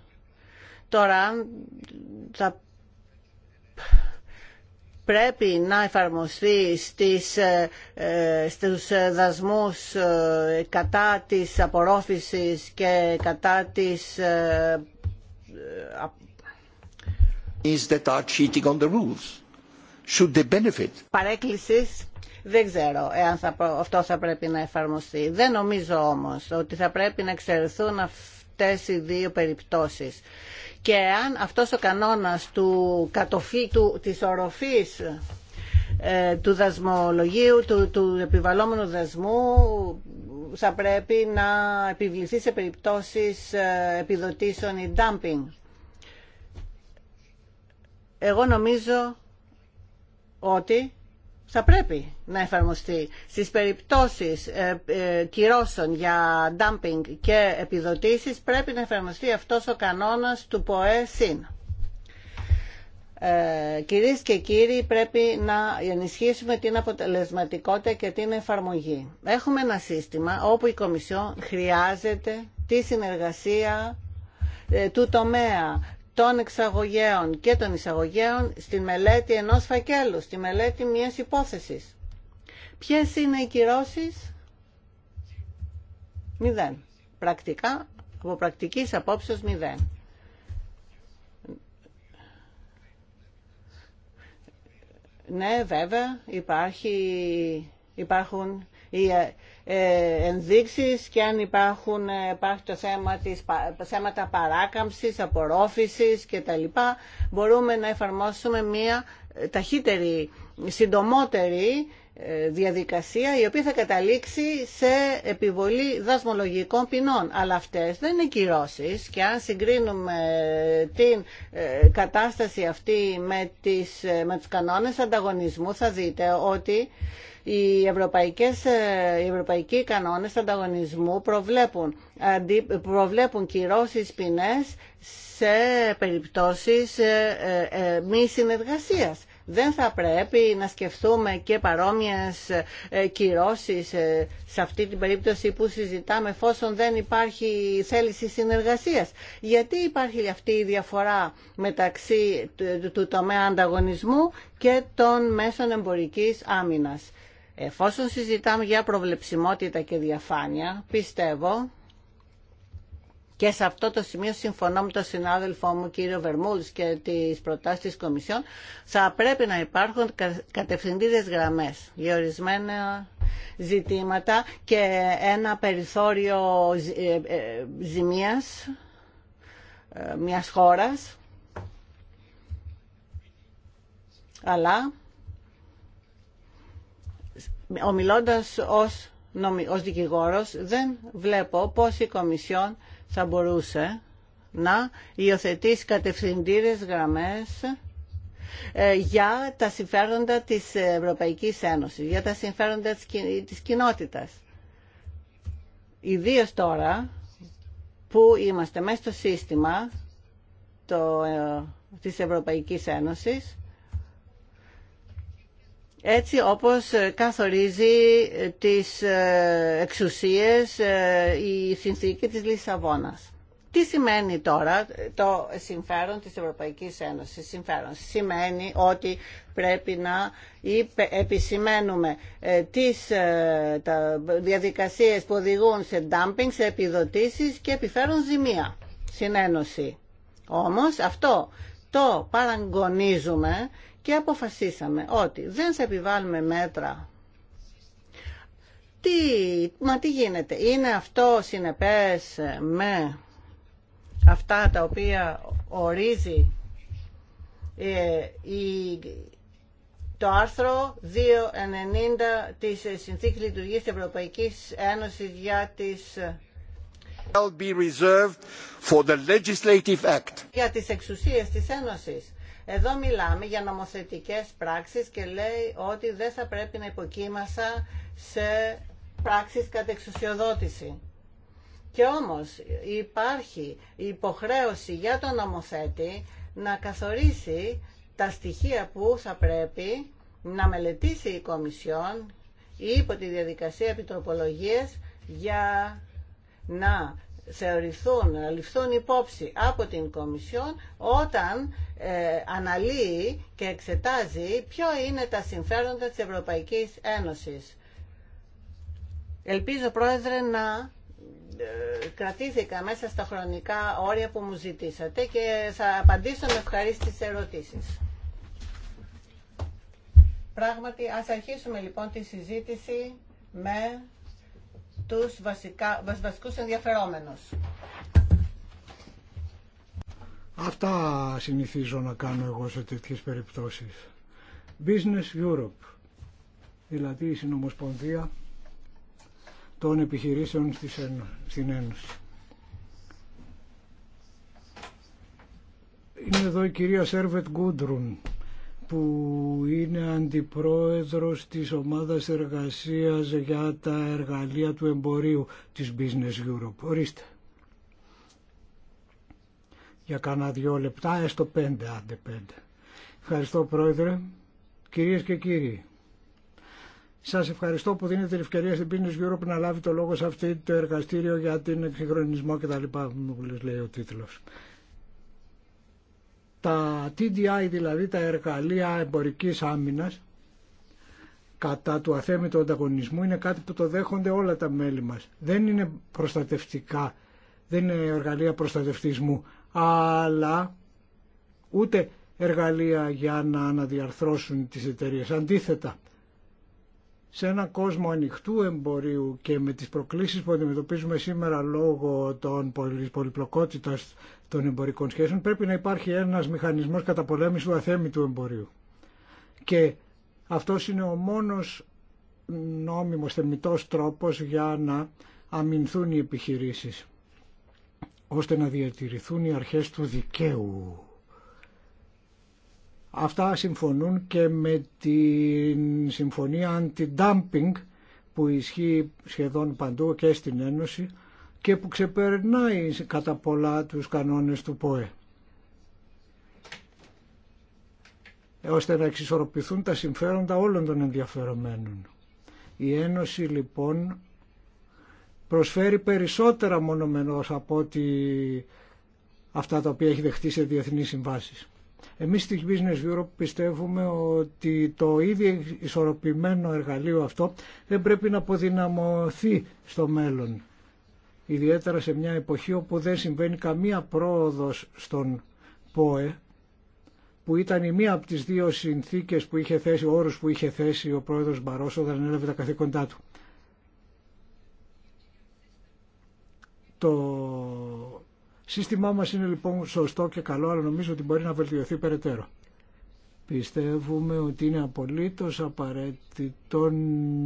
Τώρα θα πρέπει να εφαρμοστεί στις, ε, ε, στους δασμούς ε, κατά της απορρόφησης και κατά της that Παρέκκλησης δεν ξέρω εάν θα, αυτό θα πρέπει να εφαρμοστεί. Δεν νομίζω όμως ότι θα πρέπει να εξαιρεθούν αυτές οι δύο περιπτώσεις και αν αυτός ο κανόνας του κατοφή, του, της οροφής ε, του δασμολογίου, του, του δασμού θα πρέπει να επιβληθεί σε περιπτώσεις ε, επιδοτήσεων ή dumping. Εγώ νομίζω ότι θα πρέπει να εφαρμοστεί στις περιπτώσεις ε, ε, κυρώσεων για dumping και επιδοτήσεις πρέπει να εφαρμοστεί αυτός ο κανόνας του ποε συν. Ε, και κύριοι πρέπει να ενισχύσουμε την αποτελεσματικότητα και την εφαρμογή. Έχουμε ένα σύστημα όπου η Κομισιόν χρειάζεται τη συνεργασία του τομέα των εξαγωγέων και των εισαγωγέων στη μελέτη ενός φακέλου, στη μελέτη μιας υπόθεσης. Ποιες είναι οι κυρώσεις? Μηδέν. Πρακτικά, από πρακτικής απόψεως μηδέν. Ναι, βέβαια, υπάρχει, υπάρχουν ε, ε, ενδείξεις και αν υπάρχουν, ε, υπάρχει το θέμα της, θέματα παράκαμψης, απορρόφησης κτλ. Μπορούμε να εφαρμόσουμε μια ε, ταχύτερη, συντομότερη διαδικασία η οποία θα καταλήξει σε επιβολή δασμολογικών ποινών. Αλλά αυτές δεν είναι κυρώσεις και αν συγκρίνουμε την κατάσταση αυτή με, τις, με τις κανόνες ανταγωνισμού θα δείτε ότι οι, ευρωπαϊκές, ε, ευρωπαϊκοί κανόνες ανταγωνισμού προβλέπουν, προβλέπουν κυρώσεις ποινές σε περιπτώσεις ε, ε, μη συνεργασίας. Δεν θα πρέπει να σκεφτούμε και παρόμοιες κυρώσεις σε αυτή την περίπτωση που συζητάμε εφόσον δεν υπάρχει θέληση συνεργασίας. Γιατί υπάρχει αυτή η διαφορά μεταξύ του τομέα ανταγωνισμού και των μέσων εμπορικής άμυνας. Εφόσον συζητάμε για προβλεψιμότητα και διαφάνεια, πιστεύω και σε αυτό το σημείο συμφωνώ με τον συνάδελφό μου κύριο Βερμούλης, και τις προτάσεις της Κομισιόν, θα πρέπει να υπάρχουν κατευθυντήρες γραμμές για ορισμένα ζητήματα και ένα περιθώριο ε, ε, ζημίας ε, μιας χώρας, αλλά ομιλώντας ως, νομι, δικηγόρος, δεν βλέπω πώς η Κομισιόν θα μπορούσε να υιοθετήσει κατευθυντήρες γραμμές ε, για τα συμφέροντα της Ευρωπαϊκής Ένωσης, για τα συμφέροντα της κοινότητας. Ιδίως τώρα που είμαστε μέσα στο σύστημα το, ε, της Ευρωπαϊκής Ένωσης έτσι όπως καθορίζει τις ε, εξουσίες ε, η συνθήκη της Λισαβόνας. Τι σημαίνει τώρα το συμφέρον της Ευρωπαϊκής Ένωσης. Συμφέρον σημαίνει ότι πρέπει να επισημαίνουμε ε, τις τα διαδικασίες που οδηγούν σε ντάμπινγκ, σε επιδοτήσεις και επιφέρουν ζημία στην Ένωση. Όμως αυτό το παραγωνίζουμε και αποφασίσαμε ότι δεν θα επιβάλλουμε μέτρα τι, μα τι γίνεται, είναι αυτό συνεπές με αυτά τα οποία ορίζει ε, η, το άρθρο 290 της Συνθήκης Λειτουργίας της Ευρωπαϊκής Ένωσης για τις
be for the act.
για τις εξουσίες της Ένωσης. Εδώ μιλάμε για νομοθετικές πράξεις και λέει ότι δεν θα πρέπει να υποκείμασα σε πράξεις εξουσιοδότηση. Και όμως υπάρχει υποχρέωση για τον νομοθέτη να καθορίσει τα στοιχεία που θα πρέπει να μελετήσει η Κομισιόν ή υπό τη διαδικασία επιτροπολογίες για να θεωρηθούν, να ληφθούν υπόψη από την Κομισιόν όταν ε, αναλύει και εξετάζει ποιο είναι τα συμφέροντα της Ευρωπαϊκής Ένωσης. Ελπίζω, Πρόεδρε, να ε, κρατήθηκα μέσα στα χρονικά όρια που μου ζητήσατε και θα απαντήσω με ευχαρίστηση ερωτήσεις. Πράγματι, ας αρχίσουμε λοιπόν τη συζήτηση με τους βασικά, βασικούς ενδιαφερόμενους.
Αυτά συνηθίζω να κάνω εγώ σε τέτοιες περιπτώσεις. Business Europe, δηλαδή η συνομοσπονδία των επιχειρήσεων στην Ένωση. Είναι εδώ η κυρία Σέρβετ Γκούντρουν, που είναι αντιπρόεδρος της ομάδας εργασίας για τα εργαλεία του εμπορίου της Business Europe. Ορίστε. Για κάνα δυο λεπτά, έστω πέντε, άντε πέντε. Ευχαριστώ πρόεδρε. Κυρίες και κύριοι, σας ευχαριστώ που δίνετε την ευκαιρία στην Business Europe να λάβει το λόγο σε αυτό το εργαστήριο για την εξυγχρονισμό κτλ. Μου λέει ο τίτλος. Τα TDI δηλαδή τα εργαλεία εμπορικής άμυνας κατά του αθέμητου ανταγωνισμού είναι κάτι που το δέχονται όλα τα μέλη μας. Δεν είναι προστατευτικά, δεν είναι εργαλεία προστατευτισμού, αλλά ούτε εργαλεία για να αναδιαρθρώσουν τις εταιρείες. Αντίθετα, σε ένα κόσμο ανοιχτού εμπορίου και με τις προκλήσεις που αντιμετωπίζουμε σήμερα λόγω των πολυπλοκότητας των εμπορικών σχέσεων πρέπει να υπάρχει ένας μηχανισμός καταπολέμησης του αθέμητου εμπορίου. Και αυτό είναι ο μόνος νόμιμος θεμητός τρόπος για να αμυνθούν οι επιχειρήσεις ώστε να διατηρηθούν οι αρχές του δικαίου. Αυτά συμφωνούν και με τη συμφωνία αντι-dumping που ισχύει σχεδόν παντού και στην Ένωση και που ξεπερνάει κατά πολλά τους κανόνες του ΠΟΕ. ώστε να εξισορροπηθούν τα συμφέροντα όλων των ενδιαφερομένων. Η Ένωση λοιπόν προσφέρει περισσότερα μονομενός από αυτά τα οποία έχει δεχτεί σε διεθνείς συμβάσεις. Εμείς στη Business Europe πιστεύουμε ότι το ίδιο ισορροπημένο εργαλείο αυτό δεν πρέπει να αποδυναμωθεί στο μέλλον ιδιαίτερα σε μια εποχή όπου δεν συμβαίνει καμία πρόοδος στον ΠΟΕ, που ήταν η μία από τις δύο συνθήκες που είχε θέσει, όρους που είχε θέσει ο πρόεδρος Μπαρός όταν έλαβε τα καθήκοντά του. Το σύστημά μας είναι λοιπόν σωστό και καλό, αλλά νομίζω ότι μπορεί να βελτιωθεί περαιτέρω. Πιστεύουμε ότι είναι απολύτως απαραίτητο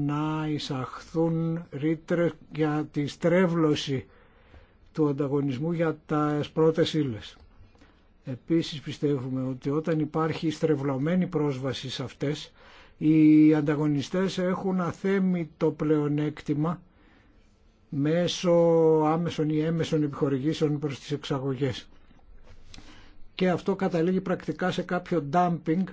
να εισαχθούν ρήτρες για τη στρέβλωση του ανταγωνισμού για τα πρώτες ύλες. Επίσης πιστεύουμε ότι όταν υπάρχει στρεβλωμένη πρόσβαση σε αυτές, οι ανταγωνιστές έχουν το πλεονέκτημα μέσω άμεσων ή έμεσων επιχορηγήσεων προς τις εξαγωγές και αυτό καταλήγει πρακτικά σε κάποιο dumping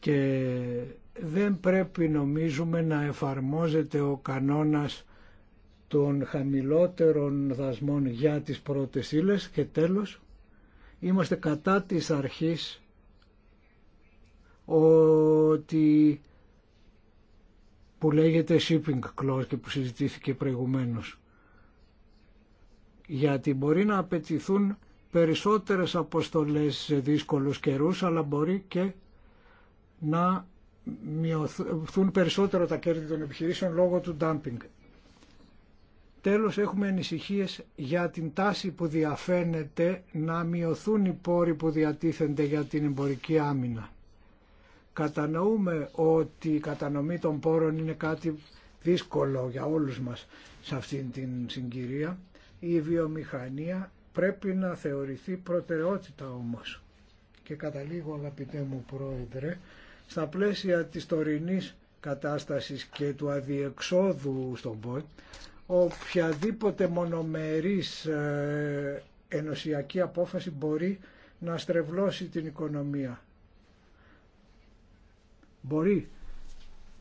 και δεν πρέπει νομίζουμε να εφαρμόζεται ο κανόνας των χαμηλότερων δασμών για τις πρώτες ύλε και τέλος είμαστε κατά της αρχής ότι που λέγεται shipping clause και που συζητήθηκε προηγουμένως γιατί μπορεί να απαιτηθούν περισσότερες αποστολές σε δύσκολους καιρούς, αλλά μπορεί και να μειωθούν περισσότερο τα κέρδη των επιχειρήσεων λόγω του ντάμπινγκ. Τέλος έχουμε ανησυχίες για την τάση που διαφαίνεται να μειωθούν οι πόροι που διατίθενται για την εμπορική άμυνα. Κατανοούμε ότι η κατανομή των πόρων είναι κάτι δύσκολο για όλους μας σε αυτήν την συγκυρία η βιομηχανία πρέπει να θεωρηθεί προτεραιότητα όμως. Και καταλήγω αγαπητέ μου πρόεδρε, στα πλαίσια της τωρινής κατάστασης και του αδιεξόδου στον ΠΟΕ, οποιαδήποτε μονομερής ε, ενωσιακή απόφαση μπορεί να στρεβλώσει την οικονομία. Μπορεί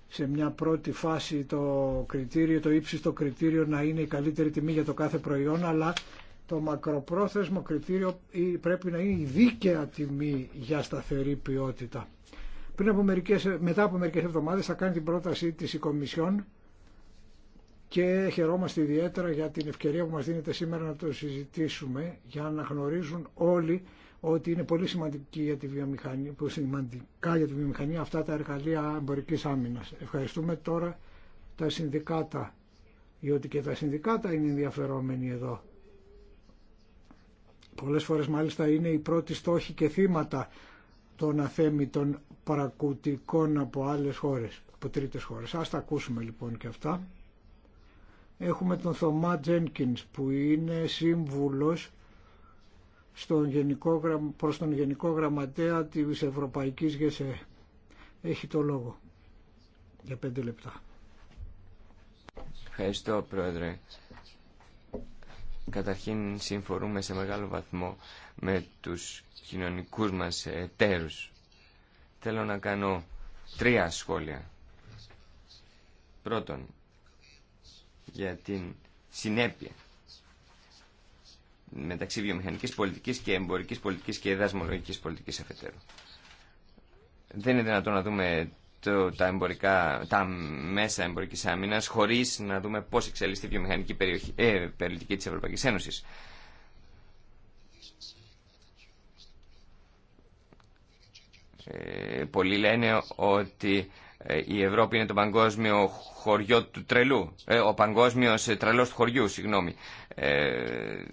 σε μια πρώτη φάση το κριτήριο, το ύψιστο κριτήριο να είναι η καλύτερη τιμή για το κάθε προϊόν, αλλά το μακροπρόθεσμο κριτήριο πρέπει να είναι η δίκαια τιμή για σταθερή ποιότητα. Πριν από μερικές, μετά από μερικές εβδομάδες θα κάνει την πρόταση της η Κομισιόν και χαιρόμαστε ιδιαίτερα για την ευκαιρία που μας δίνεται σήμερα να το συζητήσουμε για να γνωρίζουν όλοι ότι είναι πολύ σημαντική για τη βιομηχανία, που σημαντικά για τη βιομηχανία αυτά τα εργαλεία εμπορική άμυνα. Ευχαριστούμε τώρα τα συνδικάτα, διότι και τα συνδικάτα είναι ενδιαφερόμενοι εδώ. Πολλές φορές μάλιστα είναι οι πρώτοι στόχοι και θύματα των αθέμητων παρακουτικών από άλλες χώρες, από τρίτες χώρες. Ας τα ακούσουμε λοιπόν και αυτά. Έχουμε τον Θωμά Τζένκινς που είναι σύμβουλος στον γενικό, προς τον Γενικό Γραμματέα της Ευρωπαϊκής ΓΕΣΕ. Έχει το λόγο για πέντε λεπτά.
Ευχαριστώ Πρόεδρε. Καταρχήν συμφορούμε σε μεγάλο βαθμό με τους κοινωνικούς μας εταίρους. Θέλω να κάνω τρία σχόλια. Πρώτον, για την συνέπεια μεταξύ βιομηχανικής πολιτικής και εμπορικής πολιτικής και δασμολογικής πολιτικής αφετέρου. Δεν είναι δυνατόν να δούμε το, τα, εμπορικά, τα μέσα εμπορικής άμυνας χωρίς να δούμε πώς εξελίσσεται η βιομηχανική περιοχή, ε, πολιτική της Ευρωπαϊκής Ένωσης. Ε, πολλοί λένε ότι ε, η Ευρώπη είναι το παγκόσμιο χωριό του τρελού, ε, ο παγκόσμιος ε, τρελός του χωριού, συγγνώμη. Ε,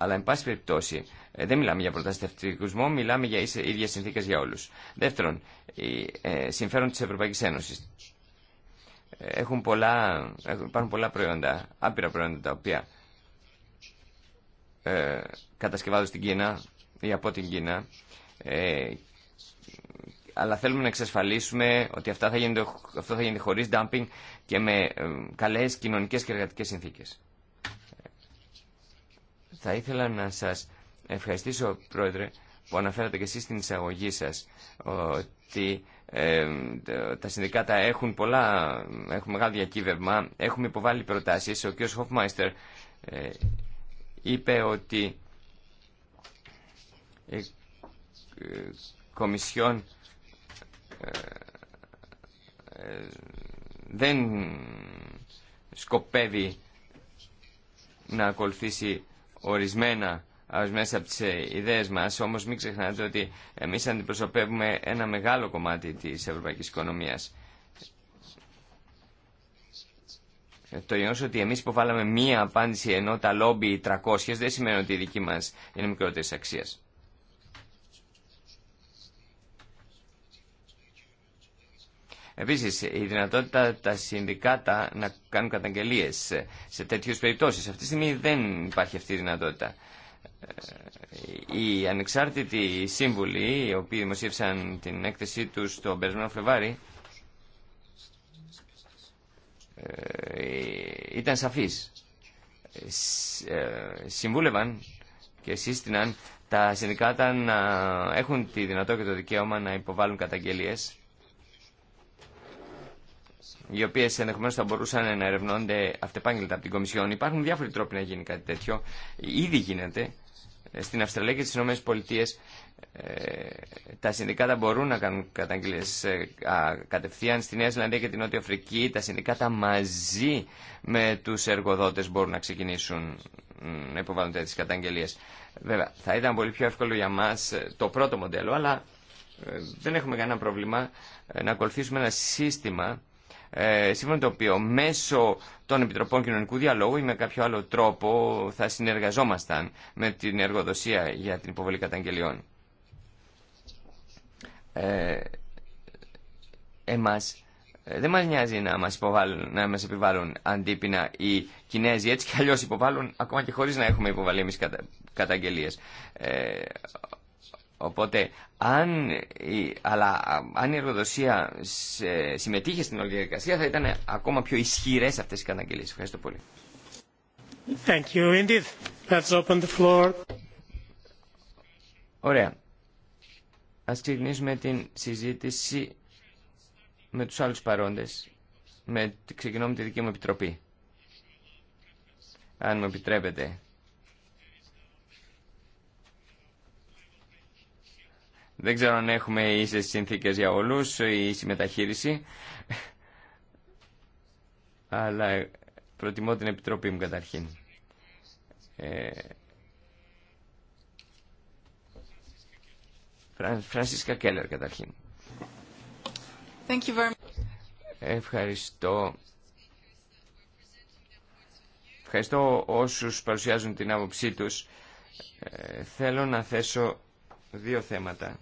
αλλά, εν πάση περιπτώσει, ε, δεν μιλάμε για προτάσει ταυτικισμού, μιλάμε για ίδιε συνθήκε για όλου. Δεύτερον, οι ε, συμφέρον τη Ευρωπαϊκή Ένωση. Ε, έχουν πολλά, υπάρχουν πολλά προϊόντα, άπειρα προϊόντα τα οποία κατασκευάζονται στην Κίνα ή από την Κίνα αλλά θέλουμε να εξασφαλίσουμε ότι αυτά αυτό θα γίνεται χωρίς dumping και με ε, καλές κοινωνικές και εργατικές συνθήκες. Θα ήθελα να σας ευχαριστήσω, Πρόεδρε, που αναφέρατε και εσείς στην εισαγωγή σας ότι ε, τα συνδικάτα έχουν, πολλά, έχουν μεγάλο διακύβευμα, έχουμε υποβάλει προτάσεις. Ο κ. Χοφμάιστερ ε, είπε ότι η ε, Κομισιόν δεν σκοπεύει να ακολουθήσει ορισμένα μέσα από τις ε, ιδέες μας, όμως μην ξεχνάτε ότι εμείς αντιπροσωπεύουμε ένα μεγάλο κομμάτι της ευρωπαϊκής οικονομίας. Το γεγονό ότι εμεί υποβάλαμε μία απάντηση ενώ τα λόμπι 300 δεν σημαίνει ότι η δική μα είναι μικρότερη αξία. Επίση, η δυνατότητα τα συνδικάτα να κάνουν καταγγελίες σε τέτοιους περιπτώσεις. Αυτή τη στιγμή δεν υπάρχει αυτή η δυνατότητα. Ε, οι ανεξάρτητοι σύμβουλοι, οι οποίοι δημοσίευσαν την έκθεσή τους τον περασμένο Φλεβάρι, ε, ήταν σαφεί. Ε, συμβούλευαν και σύστηναν τα συνδικάτα να έχουν τη δυνατότητα και το δικαίωμα να υποβάλουν καταγγελίες οι οποίε ενδεχομένω θα μπορούσαν να ερευνώνται αυτεπάγγελτα από την Κομισιόν. Υπάρχουν διάφοροι τρόποι να γίνει κάτι τέτοιο. Ήδη γίνεται. Στην Αυστραλία και στι ΗΠΑ ε, τα συνδικάτα μπορούν να κάνουν καταγγελίε ε, κατευθείαν. Στη Νέα Ζηλανδία και την Νότια Αφρική τα συνδικάτα μαζί με του εργοδότε μπορούν να ξεκινήσουν να υποβάλλουν τέτοιε καταγγελίε. Βέβαια, θα ήταν πολύ πιο εύκολο για μα ε, το πρώτο μοντέλο, αλλά δεν έχουμε κανένα πρόβλημα να ακολουθήσουμε ένα σύστημα ε, σύμφωνα με το οποίο μέσω των Επιτροπών Κοινωνικού Διαλόγου ή με κάποιο άλλο τρόπο θα συνεργαζόμασταν με την εργοδοσία για την υποβολή καταγγελιών. Ε, εμάς ε, δεν μας νοιάζει να μας, υποβάλουν, να μας επιβάλλουν αντίπεινα οι Κινέζοι, έτσι κι αλλιώς υποβάλλουν ακόμα και χωρίς να έχουμε υποβάλει εμείς καταγγελίες. Ε, Οπότε, αν η, αλλά, αν η εργοδοσία σε, συμμετείχε στην όλη διαδικασία, θα ήταν ακόμα πιο ισχυρές αυτές οι καταγγελίες. Ευχαριστώ πολύ. Thank Ωραία. Ας ξεκινήσουμε την συζήτηση με τους άλλους παρόντες. Με, ξεκινώ με τη δική μου επιτροπή. Αν μου επιτρέπετε. Δεν ξέρω αν έχουμε ίσες συνθήκες για όλους, η ίση μεταχείριση. Αλλά προτιμώ την επιτροπή μου καταρχήν. Ε... Φρανσίσκα Κέλλερ καταρχήν.
Thank you very much.
Ευχαριστώ. Ευχαριστώ όσους παρουσιάζουν την άποψή τους. Ε, θέλω να θέσω δύο θέματα.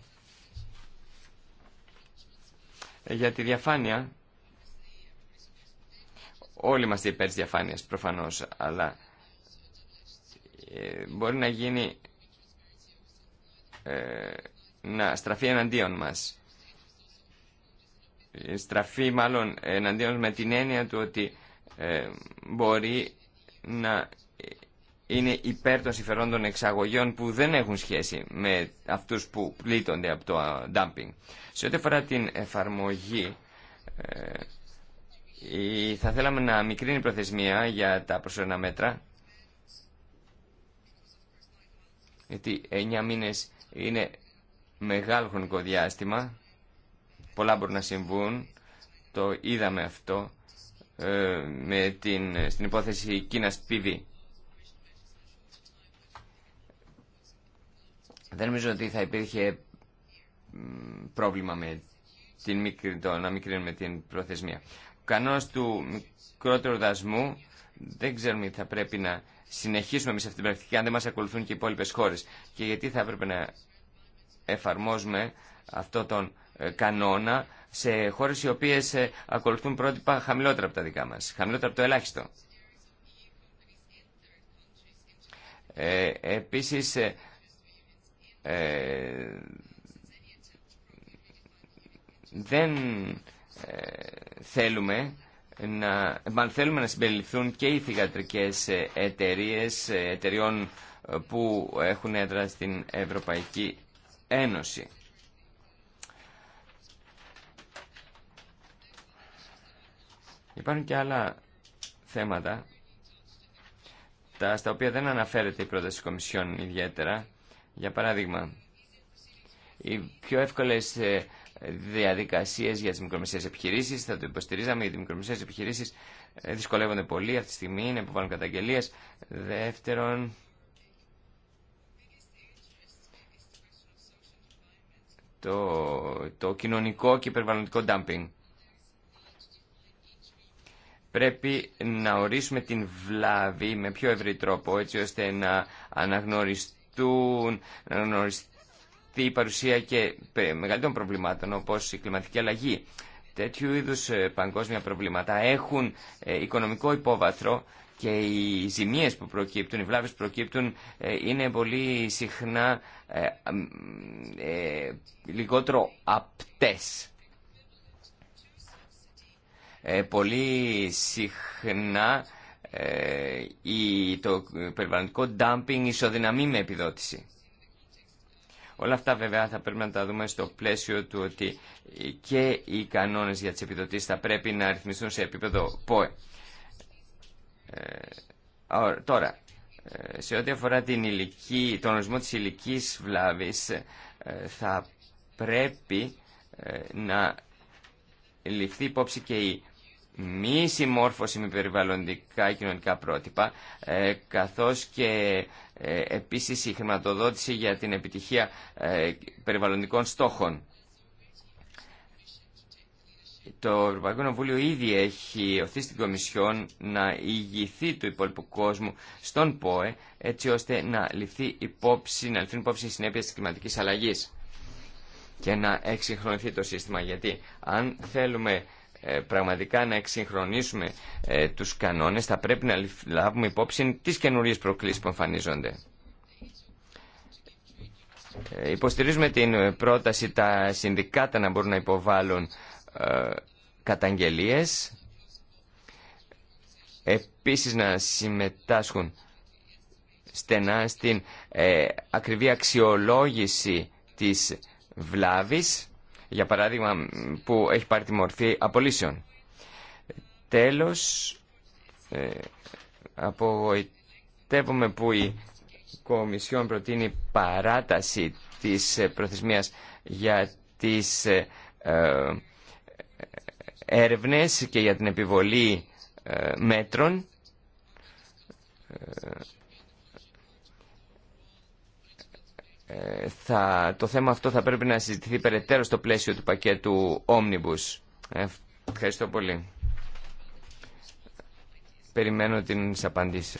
Ε, για τη διαφάνεια, όλοι είμαστε υπέρ της διαφάνειας προφανώς, αλλά ε, μπορεί να γίνει ε, να στραφεί εναντίον μας. Στραφεί μάλλον εναντίον με την έννοια του ότι μπορεί να είναι υπέρ των συμφερόντων εξαγωγών που δεν έχουν σχέση με αυτούς που πλήττονται από το dumping. Σε ό,τι αφορά την εφαρμογή, ε, θα θέλαμε να μικρύνει η προθεσμία για τα προσωρινά μέτρα, γιατί 9 μήνες είναι μεγάλο χρονικό διάστημα, πολλά μπορούν να συμβούν, το είδαμε αυτό ε, με την, στην υπόθεση Κίνας PV. Δεν νομίζω ότι θα υπήρχε πρόβλημα με την μικρή, το να μικρύνουμε την προθεσμία. Ο κανόνας του μικρότερου δασμού δεν ξέρουμε ότι θα πρέπει να συνεχίσουμε εμεί αυτή την πρακτική αν δεν μας ακολουθούν και οι υπόλοιπε χώρες. Και γιατί θα έπρεπε να εφαρμόζουμε αυτό τον ε, κανόνα σε χώρες οι οποίες ε, ακολουθούν πρότυπα χαμηλότερα από τα δικά μας, χαμηλότερα από το ελάχιστο. Ε, επίσης, ε, ε, δεν ε, θέλουμε να, μάλλον να συμπεριληφθούν και οι θηγατρικές ε, εταιρείες εταιριών που έχουν έδρα στην Ευρωπαϊκή Ένωση. Υπάρχουν και άλλα θέματα τα, στα οποία δεν αναφέρεται η πρόταση της Κομισιόν ιδιαίτερα για παράδειγμα, οι πιο εύκολε ε, διαδικασίες για τις μικρομεσαίες επιχειρήσεις, θα το υποστηρίζαμε γιατί οι μικρομεσαίες επιχειρήσεις ε, δυσκολεύονται πολύ αυτή τη στιγμή, που υποβάλουν καταγγελίες. Δεύτερον, το, το κοινωνικό και περιβαλλοντικό dumping. Πρέπει να ορίσουμε την βλάβη με πιο ευρύ τρόπο, έτσι ώστε να αναγνωριστεί του να γνωριστεί η παρουσία και μεγαλύτερων προβλημάτων όπως η κλιματική αλλαγή. Τέτοιου είδους ε, παγκόσμια προβλήματα έχουν ε, οικονομικό υπόβαθρο και οι ζημίες που προκύπτουν, οι βλάβες που προκύπτουν ε, είναι πολύ συχνά ε, λιγότερο απτές. πολύ συχνά ή ε, το περιβαλλοντικό dumping ισοδυναμεί με επιδότηση. Όλα αυτά βέβαια θα πρέπει να τα δούμε στο πλαίσιο του ότι και οι κανόνες για τις επιδοτήσεις θα πρέπει να ρυθμιστούν σε επίπεδο ΠΟΕ. Ε, τώρα, ε, σε ό,τι αφορά την ηλική, τον ορισμό της ηλική βλάβης θα πρέπει να ληφθεί υπόψη και η μη συμμόρφωση με περιβαλλοντικά και κοινωνικά πρότυπα, ε, καθώς και ε, επίσης η χρηματοδότηση για την επιτυχία ε, περιβαλλοντικών στόχων. Το Ευρωπαϊκό Κοινοβούλιο ήδη έχει οθεί στην Κομισιόν να ηγηθεί του υπόλοιπου κόσμου στον ΠΟΕ, έτσι ώστε να, ληφθεί υπόψη, να ληφθεί υπόψη η συνέπεια τη κλιματική αλλαγή και να εξυγχρονιστεί το σύστημα. Γιατί αν θέλουμε ε, πραγματικά να εξυγχρονίσουμε ε, τους κανόνες θα πρέπει να λάβουμε υπόψη τις καινούριες προκλήσεις που εμφανίζονται. Ε, υποστηρίζουμε την πρόταση τα συνδικάτα να μπορούν να υποβάλουν καταγγελίες επίσης να συμμετάσχουν στενά στην ακριβή αξιολόγηση της βλάβης για παράδειγμα που έχει πάρει τη μορφή απολύσεων. Τέλος, ε, απογοητεύομαι που η Κομισιόν προτείνει παράταση της ε, προθεσμίας για τις ε, ε και για την επιβολή ε, μέτρων Ε, θα, το θέμα αυτό θα πρέπει να συζητηθεί περαιτέρω στο πλαίσιο του πακέτου Omnibus. Ε, ευχαριστώ πολύ. Περιμένω την απαντήσει.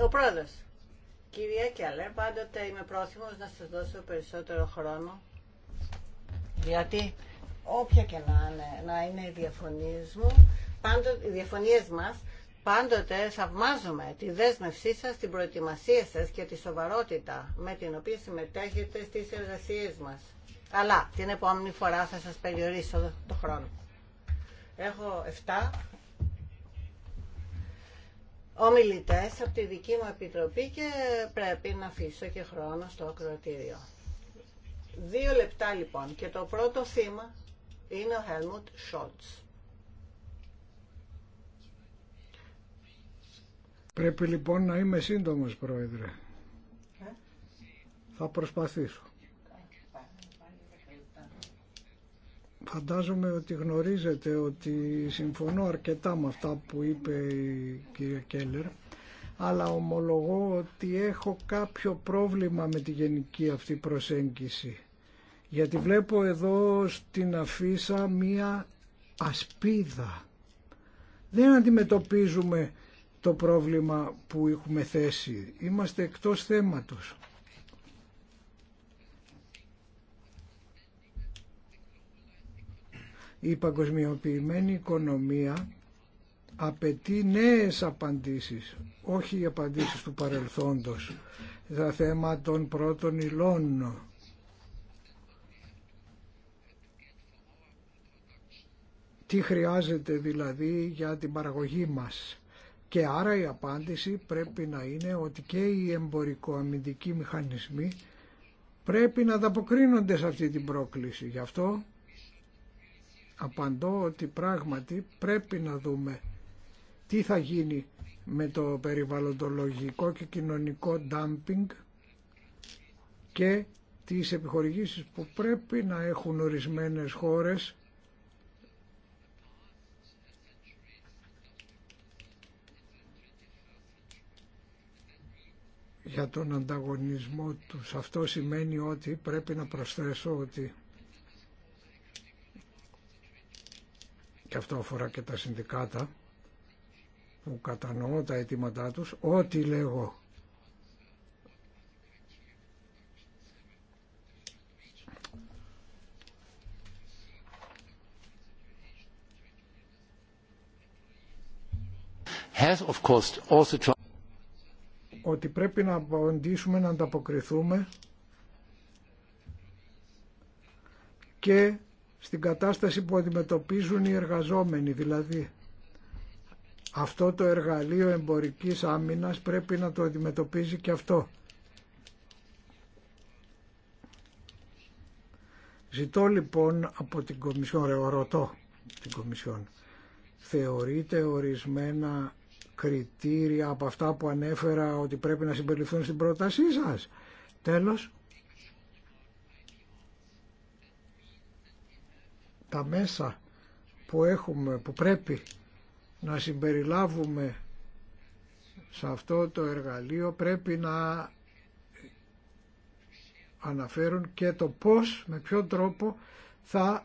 Ο πρόεδρος. Κυρία Κιαλέ, πάντοτε είμαι πρόθυμος να σας δώσω περισσότερο χρόνο. Γιατί όποια και να είναι, να είναι οι διαφωνίες μου, πάντοτε οι διαφωνίες μας Πάντοτε θαυμάζουμε τη δέσμευσή σας, την προετοιμασία σας και τη σοβαρότητα με την οποία συμμετέχετε στις εργασίες μας. Αλλά την επόμενη φορά θα σας περιορίσω το χρόνο. Έχω 7 ομιλητές από τη δική μου επιτροπή και πρέπει να αφήσω και χρόνο στο ακροατήριο. Δύο λεπτά λοιπόν και το πρώτο θύμα είναι ο Helmut Scholz.
Πρέπει λοιπόν να είμαι σύντομος πρόεδρε. Θα προσπαθήσω. Φαντάζομαι ότι γνωρίζετε ότι συμφωνώ αρκετά με αυτά που είπε η κυρία Κέλλερ αλλά ομολογώ ότι έχω κάποιο πρόβλημα με τη γενική αυτή προσέγγιση. Γιατί βλέπω εδώ στην αφίσα μία ασπίδα. Δεν αντιμετωπίζουμε το πρόβλημα που έχουμε θέσει. Είμαστε εκτός θέματος. Η παγκοσμιοποιημένη οικονομία απαιτεί νέες απαντήσεις, όχι οι απαντήσεις του παρελθόντος, τα θέμα των πρώτων υλών. Τι χρειάζεται δηλαδή για την παραγωγή μας. Και άρα η απάντηση πρέπει να είναι ότι και οι εμπορικοαμυντικοί μηχανισμοί πρέπει να ανταποκρίνονται σε αυτή την πρόκληση. Γι' αυτό απαντώ ότι πράγματι πρέπει να δούμε τι θα γίνει με το περιβαλλοντολογικό και κοινωνικό dumping και τις επιχορηγήσεις που πρέπει να έχουν ορισμένες χώρες για τον ανταγωνισμό τους. Αυτό σημαίνει ότι πρέπει να προσθέσω ότι και αυτό αφορά και τα συνδικάτα που κατανοώ τα αιτήματά τους, ό,τι λέγω ότι πρέπει να απαντήσουμε, να ανταποκριθούμε και στην κατάσταση που αντιμετωπίζουν οι εργαζόμενοι. Δηλαδή, αυτό το εργαλείο εμπορικής άμυνας πρέπει να το αντιμετωπίζει και αυτό. Ζητώ λοιπόν από την Κομισιόν, ρε, ρωτώ την Κομισιόν, θεωρείται ορισμένα κριτήρια από αυτά που ανέφερα ότι πρέπει να συμπεριληφθούν στην πρότασή σας. Τέλος, τα μέσα που έχουμε, που πρέπει να συμπεριλάβουμε σε αυτό το εργαλείο πρέπει να αναφέρουν και το πώς, με ποιο τρόπο θα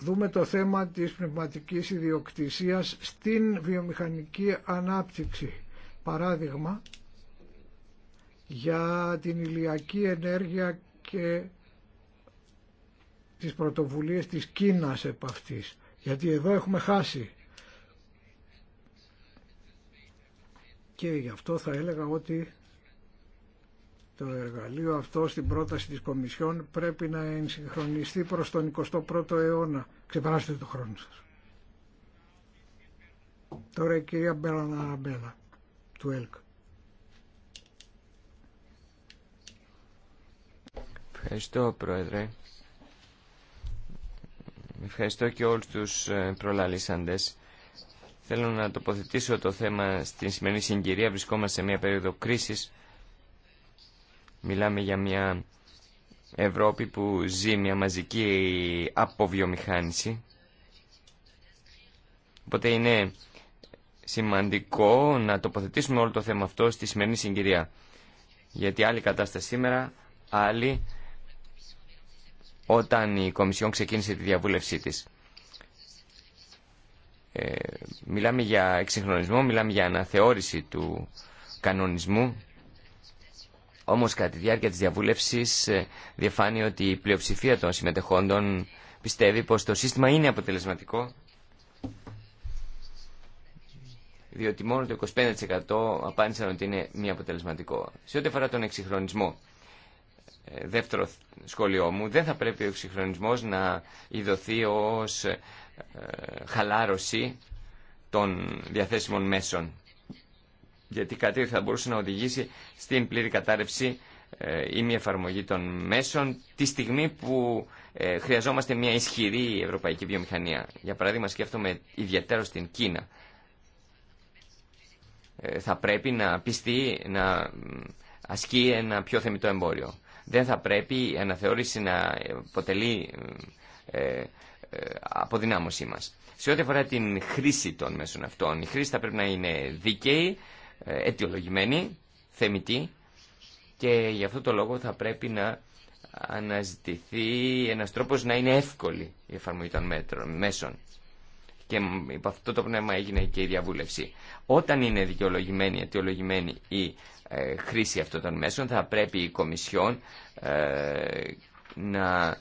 δούμε το θέμα της πνευματικής ιδιοκτησίας στην βιομηχανική ανάπτυξη. Παράδειγμα, για την ηλιακή ενέργεια και τις πρωτοβουλίες της Κίνας επ' αυτής. Γιατί εδώ έχουμε χάσει. Και γι' αυτό θα έλεγα ότι το εργαλείο αυτό στην πρόταση της Κομισιόν πρέπει να ενσυγχρονιστεί προς τον 21ο αιώνα. Ξεπεράστε το χρόνο σας. Τώρα η κυρία Μπέλα του ΕΛΚ.
Ευχαριστώ Πρόεδρε. Ευχαριστώ και όλους τους ε, προλαλήσαντες. Θέλω να τοποθετήσω το θέμα στην σημερινή συγκυρία. Βρισκόμαστε σε μια περίοδο κρίσης Μιλάμε για μια Ευρώπη που ζει μια μαζική αποβιομηχάνηση. Οπότε είναι σημαντικό να τοποθετήσουμε όλο το θέμα αυτό στη σημερινή συγκυρία. Γιατί άλλη κατάσταση σήμερα, άλλη όταν η Κομισιόν ξεκίνησε τη διαβούλευσή της. Ε, μιλάμε για εξυγχρονισμό, μιλάμε για αναθεώρηση του κανονισμού Όμω κατά τη διάρκεια τη διαβούλευση, ε, διαφάνει ότι η πλειοψηφία των συμμετεχόντων πιστεύει πως το σύστημα είναι αποτελεσματικό διότι μόνο το 25% απάντησαν ότι είναι μη αποτελεσματικό. Σε ό,τι αφορά τον εξυγχρονισμό, ε, δεύτερο σχόλιο μου, δεν θα πρέπει ο εξυγχρονισμό να ιδωθεί ως ε, χαλάρωση των διαθέσιμων μέσων γιατί κάτι θα μπορούσε να οδηγήσει στην πλήρη κατάρρευση ε, ή μη εφαρμογή των μέσων τη στιγμή που ε, χρειαζόμαστε μια ισχυρή ευρωπαϊκή βιομηχανία. Για παράδειγμα σκέφτομαι ιδιαίτερα στην Κίνα. Ε, θα πρέπει να πιστεί να ασκεί ένα πιο θεμητό εμπόριο. Δεν θα πρέπει η αναθεώρηση να αποτελεί αποδυνάμωσή μας. Σε ό,τι αφορά την χρήση των μέσων αυτών, η χρήση θα πρέπει να είναι δίκαιη, ε, αιτιολογημένη, θεμητή και γι' αυτό το λόγο θα πρέπει να αναζητηθεί ένας τρόπος να είναι εύκολη η εφαρμογή των μέτρων, μέσων. Και υπό αυτό το πνεύμα έγινε και η διαβούλευση. Όταν είναι δικαιολογημένη, αιτιολογημένη η ε, χρήση αυτών των μέσων, θα πρέπει η Κομισιόν ε, να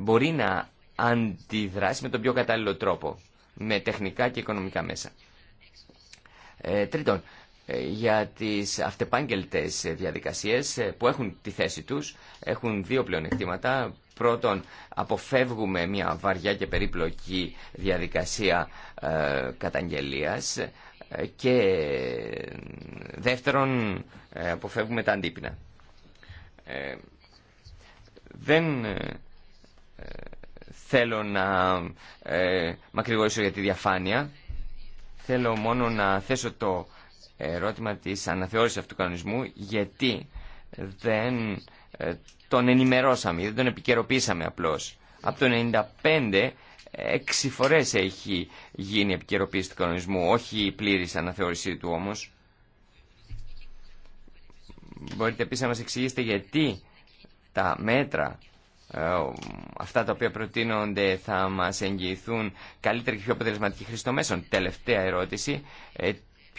μπορεί να αντιδράσει με τον πιο κατάλληλο τρόπο, με τεχνικά και οικονομικά μέσα. τρίτον, ε, για τις αυτεπάγγελτες διαδικασίες ε, που έχουν τη θέση τους, έχουν δύο πλεονεκτήματα. Πρώτον, αποφεύγουμε μια βαριά και περίπλοκη διαδικασία ε, καταγγελίας και δεύτερον, αποφεύγουμε τα αντίπεινα. Δεν θέλω να μακρηγορήσω για τη διαφάνεια. Θέλω μόνο να θέσω το ερώτημα της αναθεώρησης αυτού του κανονισμού γιατί δεν ε, τον ενημερώσαμε, δεν τον επικαιροποίησαμε απλώς. Από το 1995 έξι φορές έχει γίνει επικαιροποίηση του κανονισμού, όχι η πλήρης αναθεώρησή του όμως. Μπορείτε επίσης να μας εξηγήσετε γιατί τα μέτρα ε, αυτά τα οποία προτείνονται θα μας εγγυηθούν καλύτερη και πιο αποτελεσματική χρήση των μέσων. Τελευταία ερώτηση, ε,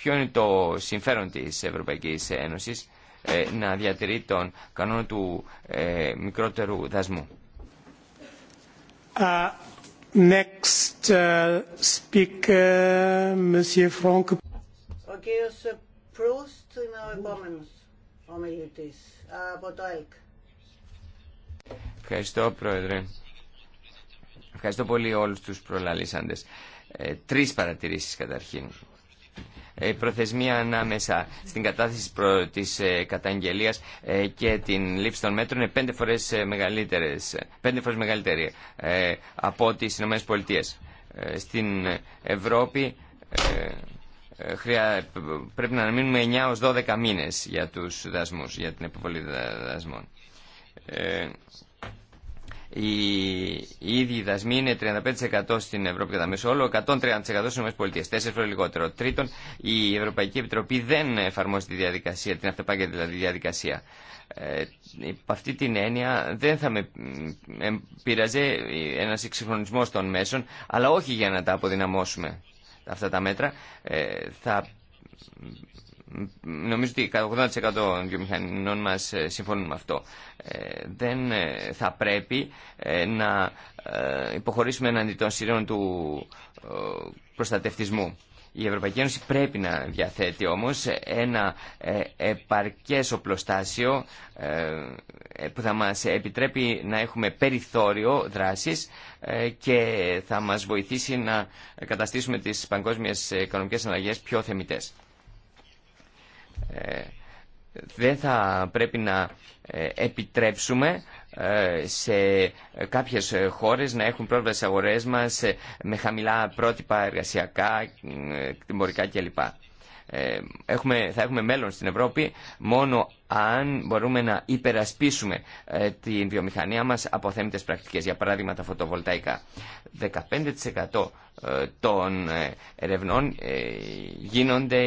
ποιο είναι το συμφέρον της Ευρωπαϊκής Ένωσης ε, να διατηρεί τον κανόνα του ε, μικρότερου δασμού. Ευχαριστώ, Πρόεδρε. Ευχαριστώ πολύ όλους τους προλαλήσαντες. Ε, τρεις παρατηρήσεις καταρχήν η ε, προθεσμία ανάμεσα στην κατάθεση της ε, ε, και την λήψη των μέτρων είναι πέντε φορέ ε, μεγαλύτερες, πέντε φορές μεγαλύτερη από τις ΗΠΑ. Στην Ευρώπη πρέπει να μείνουμε 9 ως 12 μήνες για τους δασμούς, για την επιβολή δασμών οι ίδιοι δασμοί είναι 35% στην Ευρώπη κατά μέσο όλο, 130% στις ΗΠΑ, τέσσερις φορές λιγότερο. Τρίτον, η Ευρωπαϊκή Επιτροπή δεν εφαρμόζει τη διαδικασία, την αυτοπάγγελτη δηλαδή διαδικασία. Ε, αυτή την έννοια δεν θα με πειραζε ένας εξυγχρονισμός των μέσων, αλλά όχι για να τα αποδυναμώσουμε αυτά τα μέτρα. Ε, θα Νομίζω ότι 80% των βιομηχανών μας ε, συμφωνούν με αυτό. Ε, δεν ε, θα πρέπει να υποχωρήσουμε εναντί των σειρών του προστατευτισμού. Η Ευρωπαϊκή Ένωση πρέπει να διαθέτει όμως ένα επαρκές οπλοστάσιο που θα μας επιτρέπει να έχουμε περιθώριο δράσης και θα μας βοηθήσει να καταστήσουμε τις παγκόσμιες οικονομικές αλλαγέ πιο θεμητές. Ε, δεν θα πρέπει να ε, επιτρέψουμε ε, σε κάποιες χώρες να έχουν πρόσβαση στις αγορές μας με χαμηλά πρότυπα εργασιακά, τιμωρικά κλπ. Ε, έχουμε, θα έχουμε μέλλον στην Ευρώπη μόνο αν μπορούμε να υπερασπίσουμε ε, την βιομηχανία μας από θέμητες πρακτικές, για παράδειγμα τα φωτοβολταϊκά. 15% ε, των ερευνών γίνονται,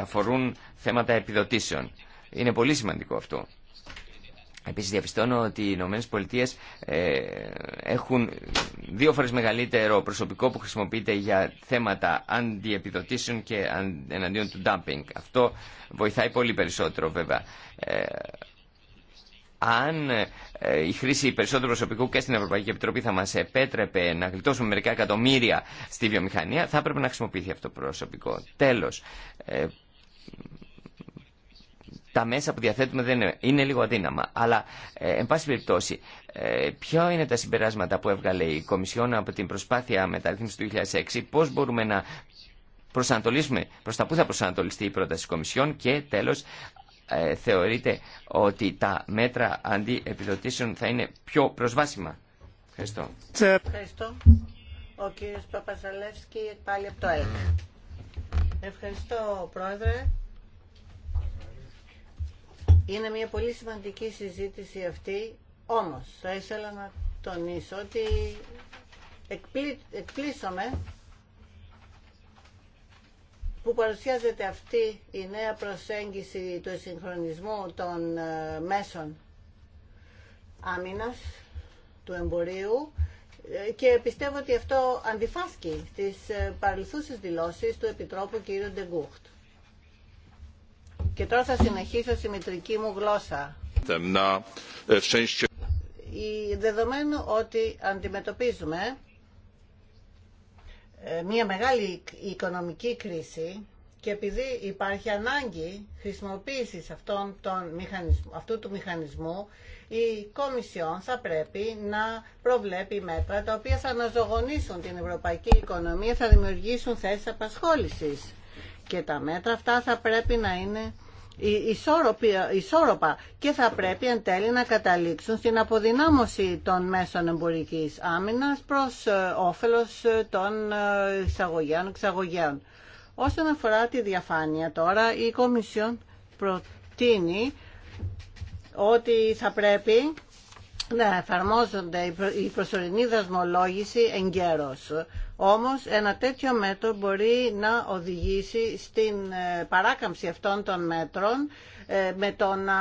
αφορούν θέματα επιδοτήσεων. Είναι πολύ σημαντικό αυτό. Επίση διαπιστώνω ότι οι Πολιτείε ε, έχουν δύο φορέ μεγαλύτερο προσωπικό που χρησιμοποιείται για θέματα αντιεπιδοτήσεων και εναντίον του dumping. Αυτό βοηθάει πολύ περισσότερο βέβαια. Ε, αν ε, η χρήση περισσότερου προσωπικού και στην Ευρωπαϊκή Επιτροπή θα μας επέτρεπε να γλιτώσουμε μερικά εκατομμύρια στη βιομηχανία, θα έπρεπε να χρησιμοποιηθεί αυτό το προσωπικό. Τέλος, ε, τα μέσα που διαθέτουμε δεν είναι, λίγο αδύναμα. Αλλά, ε, εν πάση περιπτώσει, ε, ποια είναι τα συμπεράσματα που έβγαλε η Κομισιόν από την προσπάθεια μεταρρύθμισης του 2006, πώς μπορούμε να προσανατολίσουμε, προς τα πού θα προσανατολιστεί η πρόταση Κομισιόν και τέλος, ε, θεωρείτε ότι τα μέτρα αντιεπιδοτήσεων θα είναι πιο προσβάσιμα. Ευχαριστώ.
Ευχαριστώ. Ο κύριος πάλι από το Ευχαριστώ, Πρόεδρε. Είναι μια πολύ σημαντική συζήτηση αυτή, όμως θα ήθελα να τονίσω ότι εκπλήσωμε που παρουσιάζεται αυτή η νέα προσέγγιση του συγχρονισμού των ε, μέσων άμυνας του εμπορίου ε, και πιστεύω ότι αυτό αντιφάσκει στις ε, παρελθούσες δηλώσεις του Επιτρόπου κ. Ντεγκούχτ. Και τώρα θα συνεχίσω στη μητρική μου γλώσσα. Ε, δεδομένου ότι αντιμετωπίζουμε ε, μια μεγάλη οικονομική κρίση και επειδή υπάρχει ανάγκη χρησιμοποίησης αυτών των αυτού του μηχανισμού, η Κομισιόν θα πρέπει να προβλέπει μέτρα τα οποία θα αναζωογονήσουν την ευρωπαϊκή οικονομία, θα δημιουργήσουν θέσεις απασχόλησης. Και τα μέτρα αυτά θα πρέπει να είναι ισόρροπα και θα πρέπει εν τέλει να καταλήξουν στην αποδυνάμωση των μέσων εμπορικής άμυνας προς ε, όφελος ε, των ε, εισαγωγέων-εξαγωγέων. Όσον αφορά τη διαφάνεια τώρα, η Κομισιόν προτείνει ότι θα πρέπει να εφαρμόζονται η προσωρινή δασμολόγηση εγκαίρως όμως ένα τέτοιο μέτρο μπορεί να οδηγήσει στην ε, παράκαμψη αυτών των μέτρων ε, με το να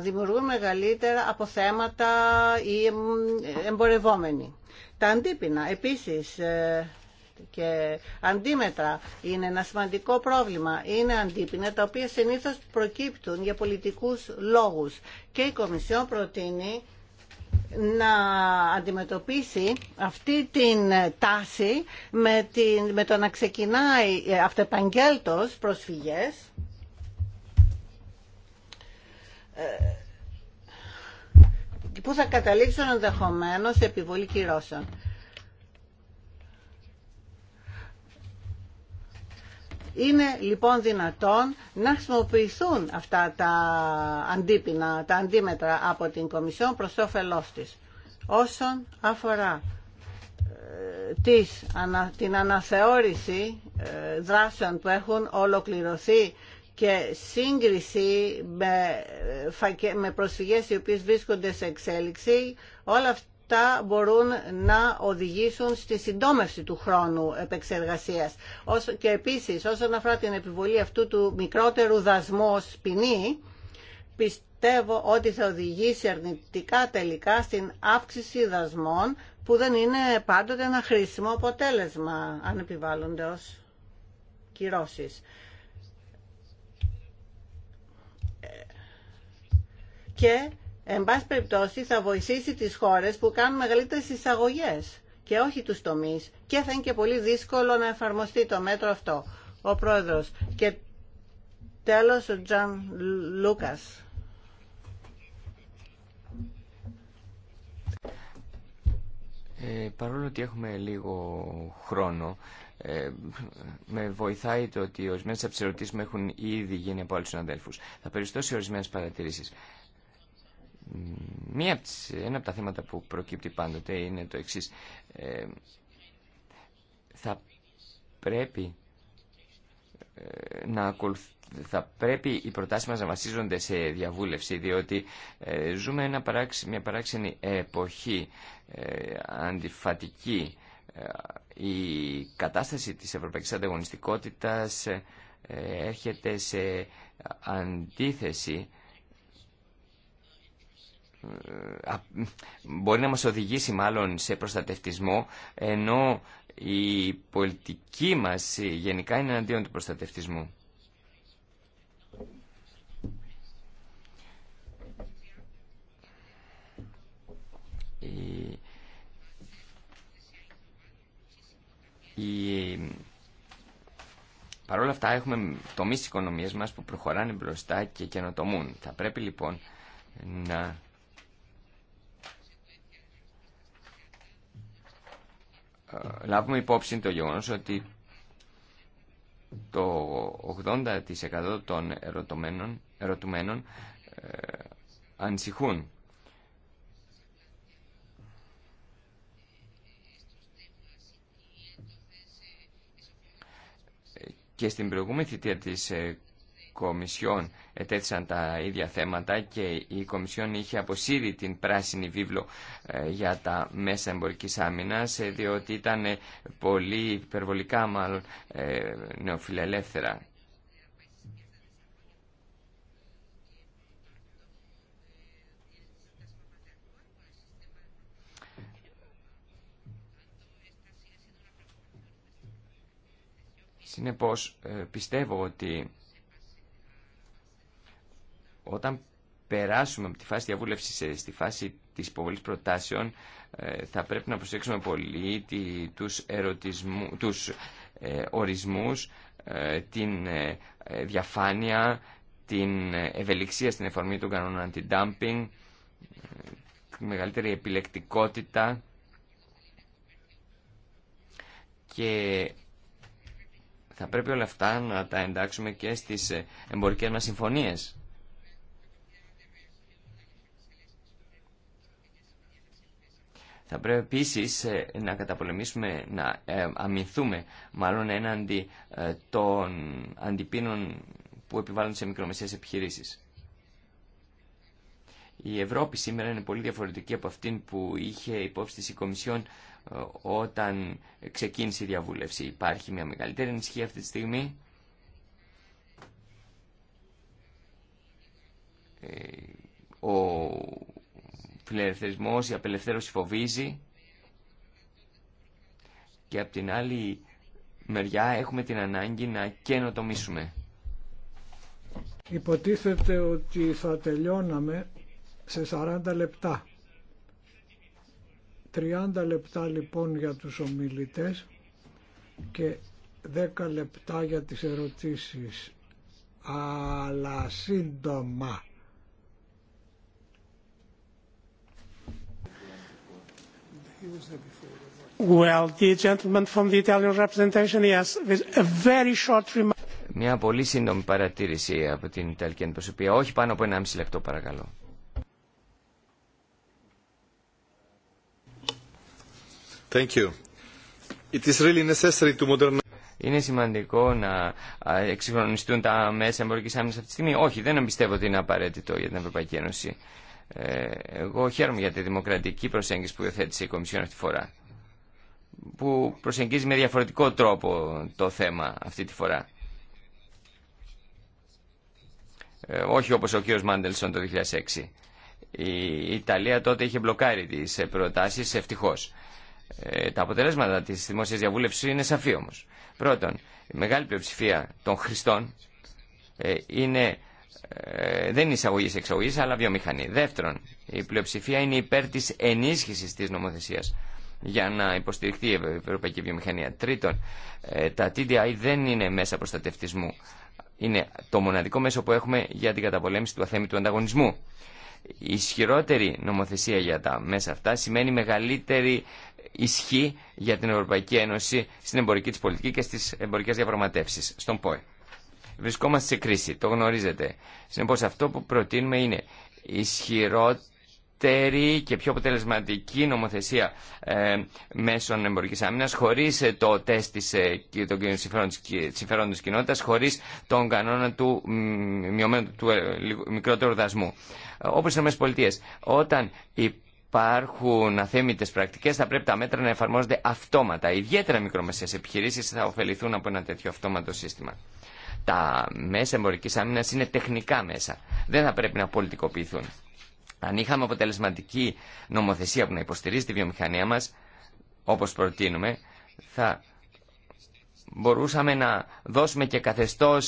δημιουργούν μεγαλύτερα αποθέματα οι εμπορευόμενοι. Τα αντίπεινα επίσης ε, και αντίμετρα είναι ένα σημαντικό πρόβλημα. Είναι αντίπεινα τα οποία συνήθως προκύπτουν για πολιτικούς λόγους. Και η Κομισιόν προτείνει να αντιμετωπίσει αυτή την τάση με, την, με το να ξεκινάει ε, αυτεπαγγέλτος προσφυγές ε, που θα καταλήξουν ενδεχομένω σε επιβολή κυρώσεων. Είναι λοιπόν δυνατόν να χρησιμοποιηθούν αυτά τα τα αντίμετρα από την Κομισιόν προς όφελό της. Όσον αφορά ε, της, την αναθεώρηση ε, δράσεων που έχουν ολοκληρωθεί και σύγκριση με, ε, με προσφυγές οι οποίες βρίσκονται σε εξέλιξη όλα τα μπορούν να οδηγήσουν στη συντόμευση του χρόνου επεξεργασίας. Και επίσης όσον αφορά την επιβολή αυτού του μικρότερου δασμού ως ποινή, πιστεύω ότι θα οδηγήσει αρνητικά τελικά στην αύξηση δασμών που δεν είναι πάντοτε ένα χρήσιμο αποτέλεσμα αν επιβάλλονται ως κυρώσεις. Ε, και εν πάση περιπτώσει θα βοηθήσει τις χώρες που κάνουν μεγαλύτερες εισαγωγές και όχι τους τομείς και θα είναι και πολύ δύσκολο να εφαρμοστεί το μέτρο αυτό. Ο πρόεδρος και τέλος ο Τζαν Λούκας.
Ε, παρόλο ότι έχουμε λίγο χρόνο, ε, με βοηθάει το ότι ορισμένε από τι ερωτήσει μου έχουν ήδη γίνει από άλλου συναδέλφου. Θα περιστώ σε ορισμένε παρατηρήσει. Μία ένα από τα θέματα που προκύπτει πάντοτε είναι το εξής. Ε, θα πρέπει ε, να θα πρέπει οι προτάσεις μας να βασίζονται σε διαβούλευση διότι ε, ζούμε ένα μια παράξενη εποχή αντιφατική η κατάσταση της ευρωπαϊκής ανταγωνιστικότητας έρχεται σε αντίθεση μπορεί να μας οδηγήσει μάλλον σε προστατευτισμό ενώ η πολιτική μας γενικά είναι αντίον του προστατευτισμού. Η... Παρ' όλα αυτά έχουμε τομείς της οικονομίας μας που προχωράνε μπροστά και καινοτομούν. Θα πρέπει λοιπόν να Ε, λάβουμε υπόψη το γεγονός ότι το 80% των ερωτωμένων, ερωτουμένων ε, ανησυχούν. Ε, και στην προηγούμενη θητεία της ε, Κομισιόν ετέθησαν τα ίδια θέματα και η Κομισιόν είχε αποσύρει την πράσινη βίβλο ε, για τα μέσα εμπορικής άμυνας ε, διότι ήταν ε, πολύ υπερβολικά μάλλον νεοφιλελεύθερα. Συνεπώς πιστεύω ότι όταν περάσουμε από τη φάση διαβούλευση στη φάση της υποβολής προτάσεων ε, θα πρέπει να προσέξουμε πολύ τους, ερωτισμού, τους ε, ορισμούς, ε, την διαφάνεια, την ευελιξία στην εφαρμογή των κανόνων αντι-dumping, μεγαλύτερη επιλεκτικότητα και θα πρέπει όλα αυτά να τα εντάξουμε και στις εμπορικές μας συμφωνίες. Θα πρέπει επίσης ε, να καταπολεμήσουμε, να ε, αμυνθούμε μάλλον έναντι ε, των αντιπίνων που επιβάλλουν σε μικρομεσαίες επιχειρήσεις. Η Ευρώπη σήμερα είναι πολύ διαφορετική από αυτήν που είχε υπόψη της η Κομισιόν όταν ξεκίνησε η διαβούλευση. Υπάρχει μια μεγαλύτερη ενισχύ αυτή τη στιγμή. Ο φιλελευθερισμός, η απελευθέρωση φοβίζει και από την άλλη μεριά έχουμε την ανάγκη να καινοτομήσουμε.
Υποτίθεται ότι θα τελειώναμε σε 40 λεπτά. 30 λεπτά λοιπόν για τους ομιλητές και 10 λεπτά για τις ερωτήσεις αλλά σύντομα
Well, the gentleman from the Italian representation, yes, with a very short remark.
Μια πολύ σύντομη παρατήρηση από την Ιταλική Αντιπροσωπεία. Όχι πάνω από ένα μισή λεπτό, παρακαλώ. Thank you. It is really necessary to modernize... Είναι σημαντικό να εξυγχρονιστούν τα μέσα εμπορική άμυνα αυτή τη στιγμή. Όχι, δεν πιστεύω ότι είναι απαραίτητο για την Ευρωπαϊκή Ένωση. Ε, εγώ χαίρομαι για τη δημοκρατική προσέγγιση που υιοθέτησε η Κομισιόν αυτή τη φορά που προσεγγίζει με διαφορετικό τρόπο το θέμα αυτή τη φορά. Ε, όχι όπως ο κύριος Μάντελσον το 2006. Η Ιταλία τότε είχε μπλοκάρει τις προτάσεις, ευτυχώς. Ε, τα αποτελέσματα της δημόσιας διαβούλευσης είναι σαφή όμως. Πρώτον, η μεγάλη πλειοψηφία των χρηστών ε, είναι ε, δεν είναι εισαγωγή εξαγωγή, αλλά βιομηχανή. Δεύτερον, η πλειοψηφία είναι υπέρ τη ενίσχυση τη νομοθεσία για να υποστηριχθεί η ευρωπαϊκή βιομηχανία. Τρίτον, ε, τα TDI δεν είναι μέσα προστατευτισμού. Είναι το μοναδικό μέσο που έχουμε για την καταπολέμηση του αθέμη του ανταγωνισμού. Η ισχυρότερη νομοθεσία για τα μέσα αυτά σημαίνει μεγαλύτερη ισχύ για την Ευρωπαϊκή Ένωση στην εμπορική της πολιτική και στις εμπορικές διαπραγματεύσεις, στον ΠΟΕ βρισκόμαστε σε κρίση, το γνωρίζετε. Συνεπώς αυτό που προτείνουμε είναι ισχυρότερη και πιο αποτελεσματική νομοθεσία ε, μέσων εμπορικής άμυνας χωρίς ε, το τεστ της, ε, των συμφερόντων της κοινότητας, χωρίς τον κανόνα του, μειωμένου, του ε, μικρότερου δασμού. Όπως οι ΗΠΑ, όταν υπάρχουν αθέμητες πρακτικές θα πρέπει τα μέτρα να εφαρμόζονται αυτόματα. Ιδιαίτερα μικρομεσαίες επιχειρήσεις θα ωφεληθούν από ένα τέτοιο αυτόματο σύστημα τα μέσα εμπορική άμυνα είναι τεχνικά μέσα. Δεν θα πρέπει να πολιτικοποιηθούν. Αν είχαμε αποτελεσματική νομοθεσία που να υποστηρίζει τη βιομηχανία μα, όπω προτείνουμε, θα μπορούσαμε να δώσουμε και καθεστώ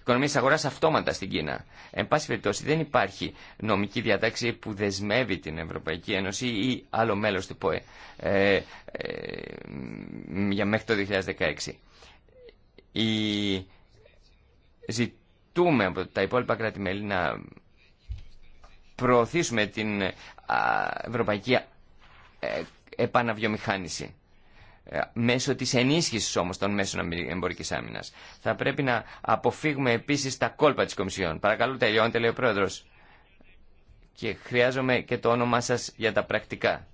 οικονομία αγορά αυτόματα στην Κίνα. Εν πάση περιπτώσει, δεν υπάρχει νομική διατάξη που δεσμεύει την Ευρωπαϊκή Ένωση ή άλλο μέλο του ΠΟΕ ε, ε, μέχρι το 2016. Η ζητούμε από τα υπόλοιπα κράτη-μέλη να προωθήσουμε την ευρωπαϊκή επαναβιομηχάνηση ε, μέσω της ενίσχυσης όμως των μέσων εμπορικής άμυνας. Θα πρέπει να αποφύγουμε επίσης τα κόλπα της Κομισιόν. Παρακαλώ τελειώνετε λέει ο Πρόεδρος και χρειάζομαι και το όνομά σας για τα πρακτικά.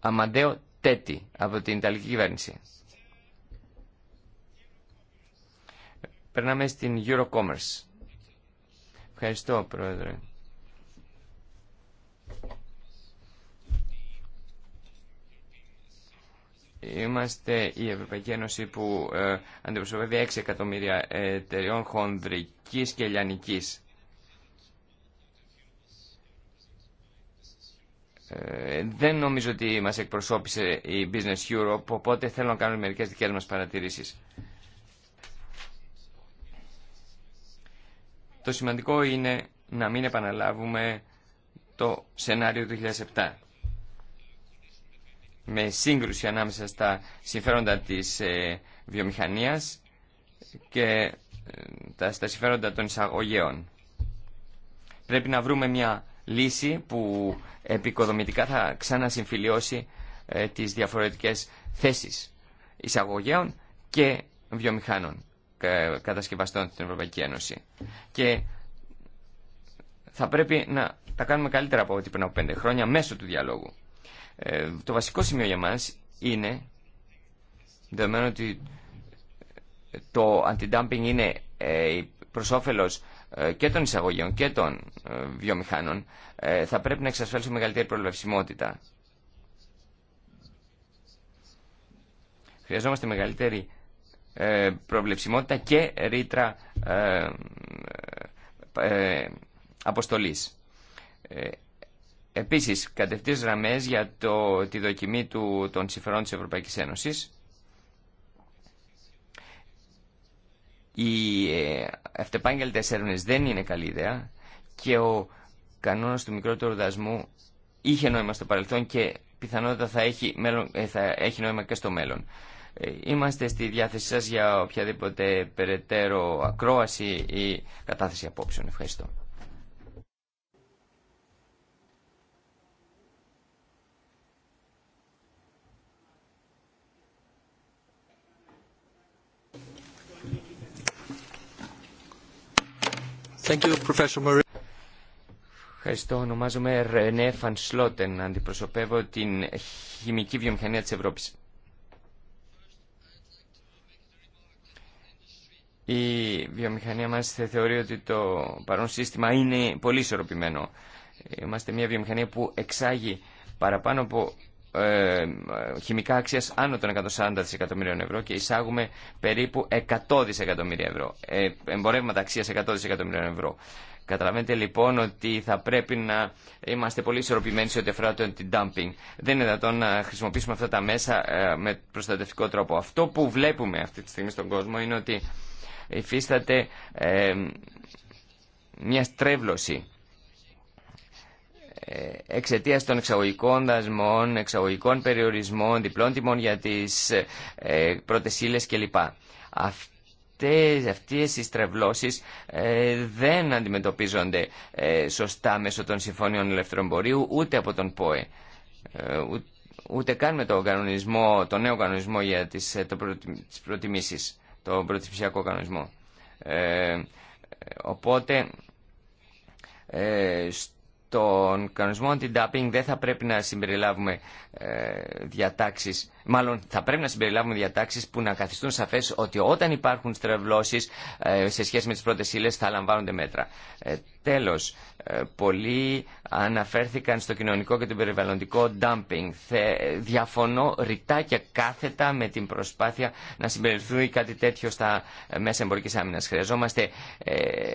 Αμαντέο τέτη από την Ιταλική κυβέρνηση. Περνάμε στην Eurocommerce. Ευχαριστώ, Πρόεδρε. Είμαστε η Ευρωπαϊκή Ένωση που ε, αντιπροσωπεύει 6 εκατομμύρια ε, εταιριών χονδρικής και λιανικής. Ε, δεν νομίζω ότι μας εκπροσώπησε η Business Europe, οπότε θέλω να κάνω μερικές δικές μας παρατηρήσεις. Το σημαντικό είναι να μην επαναλάβουμε το σενάριο του 2007 με σύγκρουση ανάμεσα στα συμφέροντα της ε, βιομηχανίας και ε, τα, στα συμφέροντα των εισαγωγέων. Πρέπει να βρούμε μια λύση που επικοδομητικά θα ξανασυμφιλιώσει ε, τις διαφορετικές θέσεις εισαγωγέων και βιομηχάνων ε, κατασκευαστών στην Ευρωπαϊκή Ένωση. Και θα πρέπει να τα κάνουμε καλύτερα από ό,τι πριν από πέντε χρόνια μέσω του διαλόγου. Ε, το βασικό σημείο για μας είναι, δεδομένου ότι το αντι είναι ε, προς ε, και των εισαγωγείων και των ε, βιομηχάνων ε, θα πρέπει να εξασφαλίσουν μεγαλύτερη προβλεψιμότητα. Χρειαζόμαστε μεγαλύτερη προβλεψιμότητα και ρήτρα αποστολής. Επίσης, κατευθύνσεις γραμμές για τη δοκιμή του, των συμφερών της Ευρωπαϊκής Ένωσης Οι ε, αυτεπάγγελτες έρευνε δεν είναι καλή ιδέα και ο κανόνας του μικρότερου δασμού είχε νόημα στο παρελθόν και πιθανότητα θα έχει, μέλλον, ε, θα έχει νόημα και στο μέλλον. Ε, είμαστε στη διάθεσή σας για οποιαδήποτε περαιτέρω ακρόαση ή κατάθεση απόψεων. Ευχαριστώ. Thank you, Ευχαριστώ. Ονομάζομαι Ρενέ Φαν Σλότεν. Αντιπροσωπεύω την χημική βιομηχανία της Ευρώπης. Η βιομηχανία μας θεωρεί ότι το παρόν σύστημα είναι πολύ ισορροπημένο. Είμαστε μια βιομηχανία που εξάγει παραπάνω από ε, χημικά αξίας άνω των 140 δισεκατομμυρίων ευρώ και εισάγουμε περίπου 100 δισεκατομμύρια ευρώ. Ε, εμπορεύματα αξίας 100 δισεκατομμυρίων ευρώ. Καταλαβαίνετε λοιπόν ότι θα πρέπει να είμαστε πολύ ισορροπημένοι σε ό,τι αφορά το dumping. Δεν είναι δυνατόν να χρησιμοποιήσουμε αυτά τα μέσα ε, με προστατευτικό τρόπο. Αυτό που βλέπουμε αυτή τη στιγμή στον κόσμο είναι ότι υφίσταται μια στρέβλωση ε, εξαιτίας των εξαγωγικών δασμών, εξαγωγικών περιορισμών, διπλών τιμών για τις ε, κλπ. Αυτές, αυτές οι στρεβλώσεις ε, δεν αντιμετωπίζονται ε, σωστά μέσω των συμφωνιών ελευθερομπορίου ούτε από τον ΠΟΕ. Ούτε, ούτε καν με τον, κανονισμό, τον νέο κανονισμό για τις, το τις προτιμήσεις, τον κανονισμό. οπότε, τον κανονισμο την dumping δεν θα πρέπει να συμπεριλάβουμε ε, διατάξεις, μάλλον θα πρέπει να συμπεριλάβουμε διατάξεις που να καθιστούν σαφές ότι όταν υπάρχουν στρεβλώσεις ε, σε σχέση με τις πρώτες ύλες θα λαμβάνονται μέτρα. Ε, τέλος, ε, πολλοί αναφέρθηκαν στο κοινωνικό και το περιβαλλοντικό dumping. διαφωνώ ρητά και κάθετα με την προσπάθεια να συμπεριληφθεί κάτι τέτοιο στα ε, μέσα εμπορικής άμυνας. Χρειαζόμαστε ε,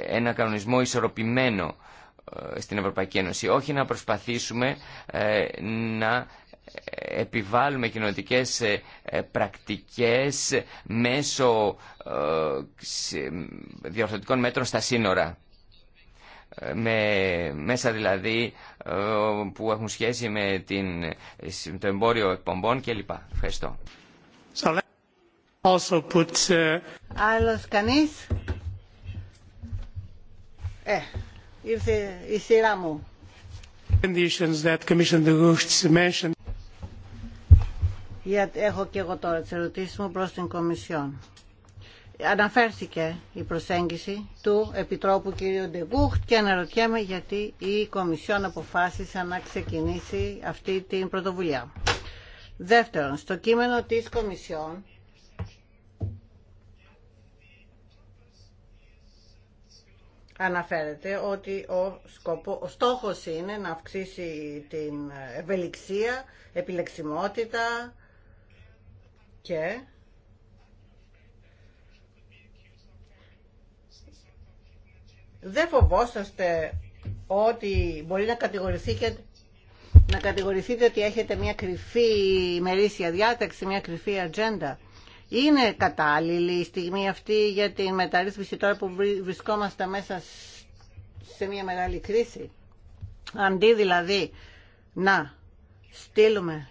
ένα κανονισμό ισορροπημένο στην Ευρωπαϊκή Ένωση. Όχι να προσπαθήσουμε ε, να ε, επιβάλλουμε κοινωνικές ε, πρακτικές μέσω διορθωτικών μέτρων στα σύνορα. Με, μέσα δηλαδή που έχουν σχέση με την, το εμπόριο εκπομπών κλπ. Ευχαριστώ.
Also put...
Άλλος κανείς? Ε, ήρθε η σειρά μου. Έχω και εγώ τώρα τι ερωτήσεις μου την Κομισιόν. Αναφέρθηκε η προσέγγιση του Επιτρόπου κ. Ντεγκούχτ και αναρωτιέμαι γιατί η Κομισιόν αποφάσισε να ξεκινήσει αυτή την πρωτοβουλία. Δεύτερον, στο κείμενο της Κομισιόν αναφέρεται ότι ο, σκοπό, ο στόχος είναι να αυξήσει την ευελιξία, επιλεξιμότητα και δεν φοβόσαστε ότι μπορεί να κατηγορηθείτε, να κατηγορηθείτε ότι έχετε μια κρυφή ημερήσια διάταξη, μια κρυφή ατζέντα. Είναι κατάλληλη η στιγμή αυτή για την μεταρρύθμιση τώρα που βρισκόμαστε μέσα σε μια μεγάλη κρίση. Αντί δηλαδή να στείλουμε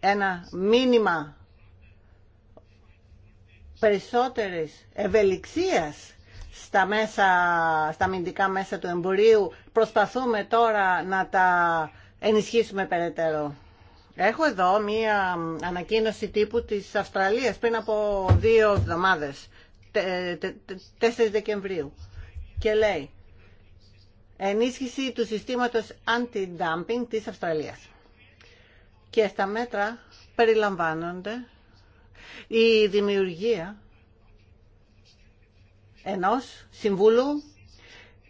ένα μήνυμα περισσότερης ευελιξίας στα, μέσα, στα μέσα του εμπορίου. Προσπαθούμε τώρα να τα ενισχύσουμε περαιτέρω. Έχω εδώ μία ανακοίνωση τύπου της Αυστραλίας πριν από δύο εβδομάδες, 4 Δεκεμβρίου, και λέει «Ενίσχυση του συστήματος anti-dumping της Αυστραλίας». Και στα μέτρα περιλαμβάνονται η δημιουργία ενός συμβούλου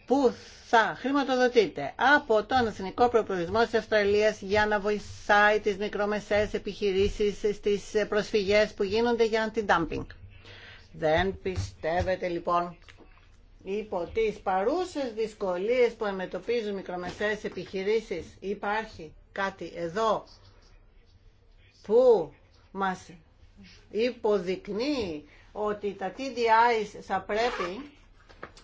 που θα χρηματοδοτείται από τον Εθνικό Προπολογισμό της Αυστραλίας για να βοηθάει τις μικρομεσαίες επιχειρήσεις στις προσφυγές που γίνονται για αντι-dumping. Δεν πιστεύετε λοιπόν υπό τις παρούσες δυσκολίες που αντιμετωπίζουν μικρομεσαίες επιχειρήσεις υπάρχει κάτι εδώ που μας υποδεικνύει ότι τα TDIs θα πρέπει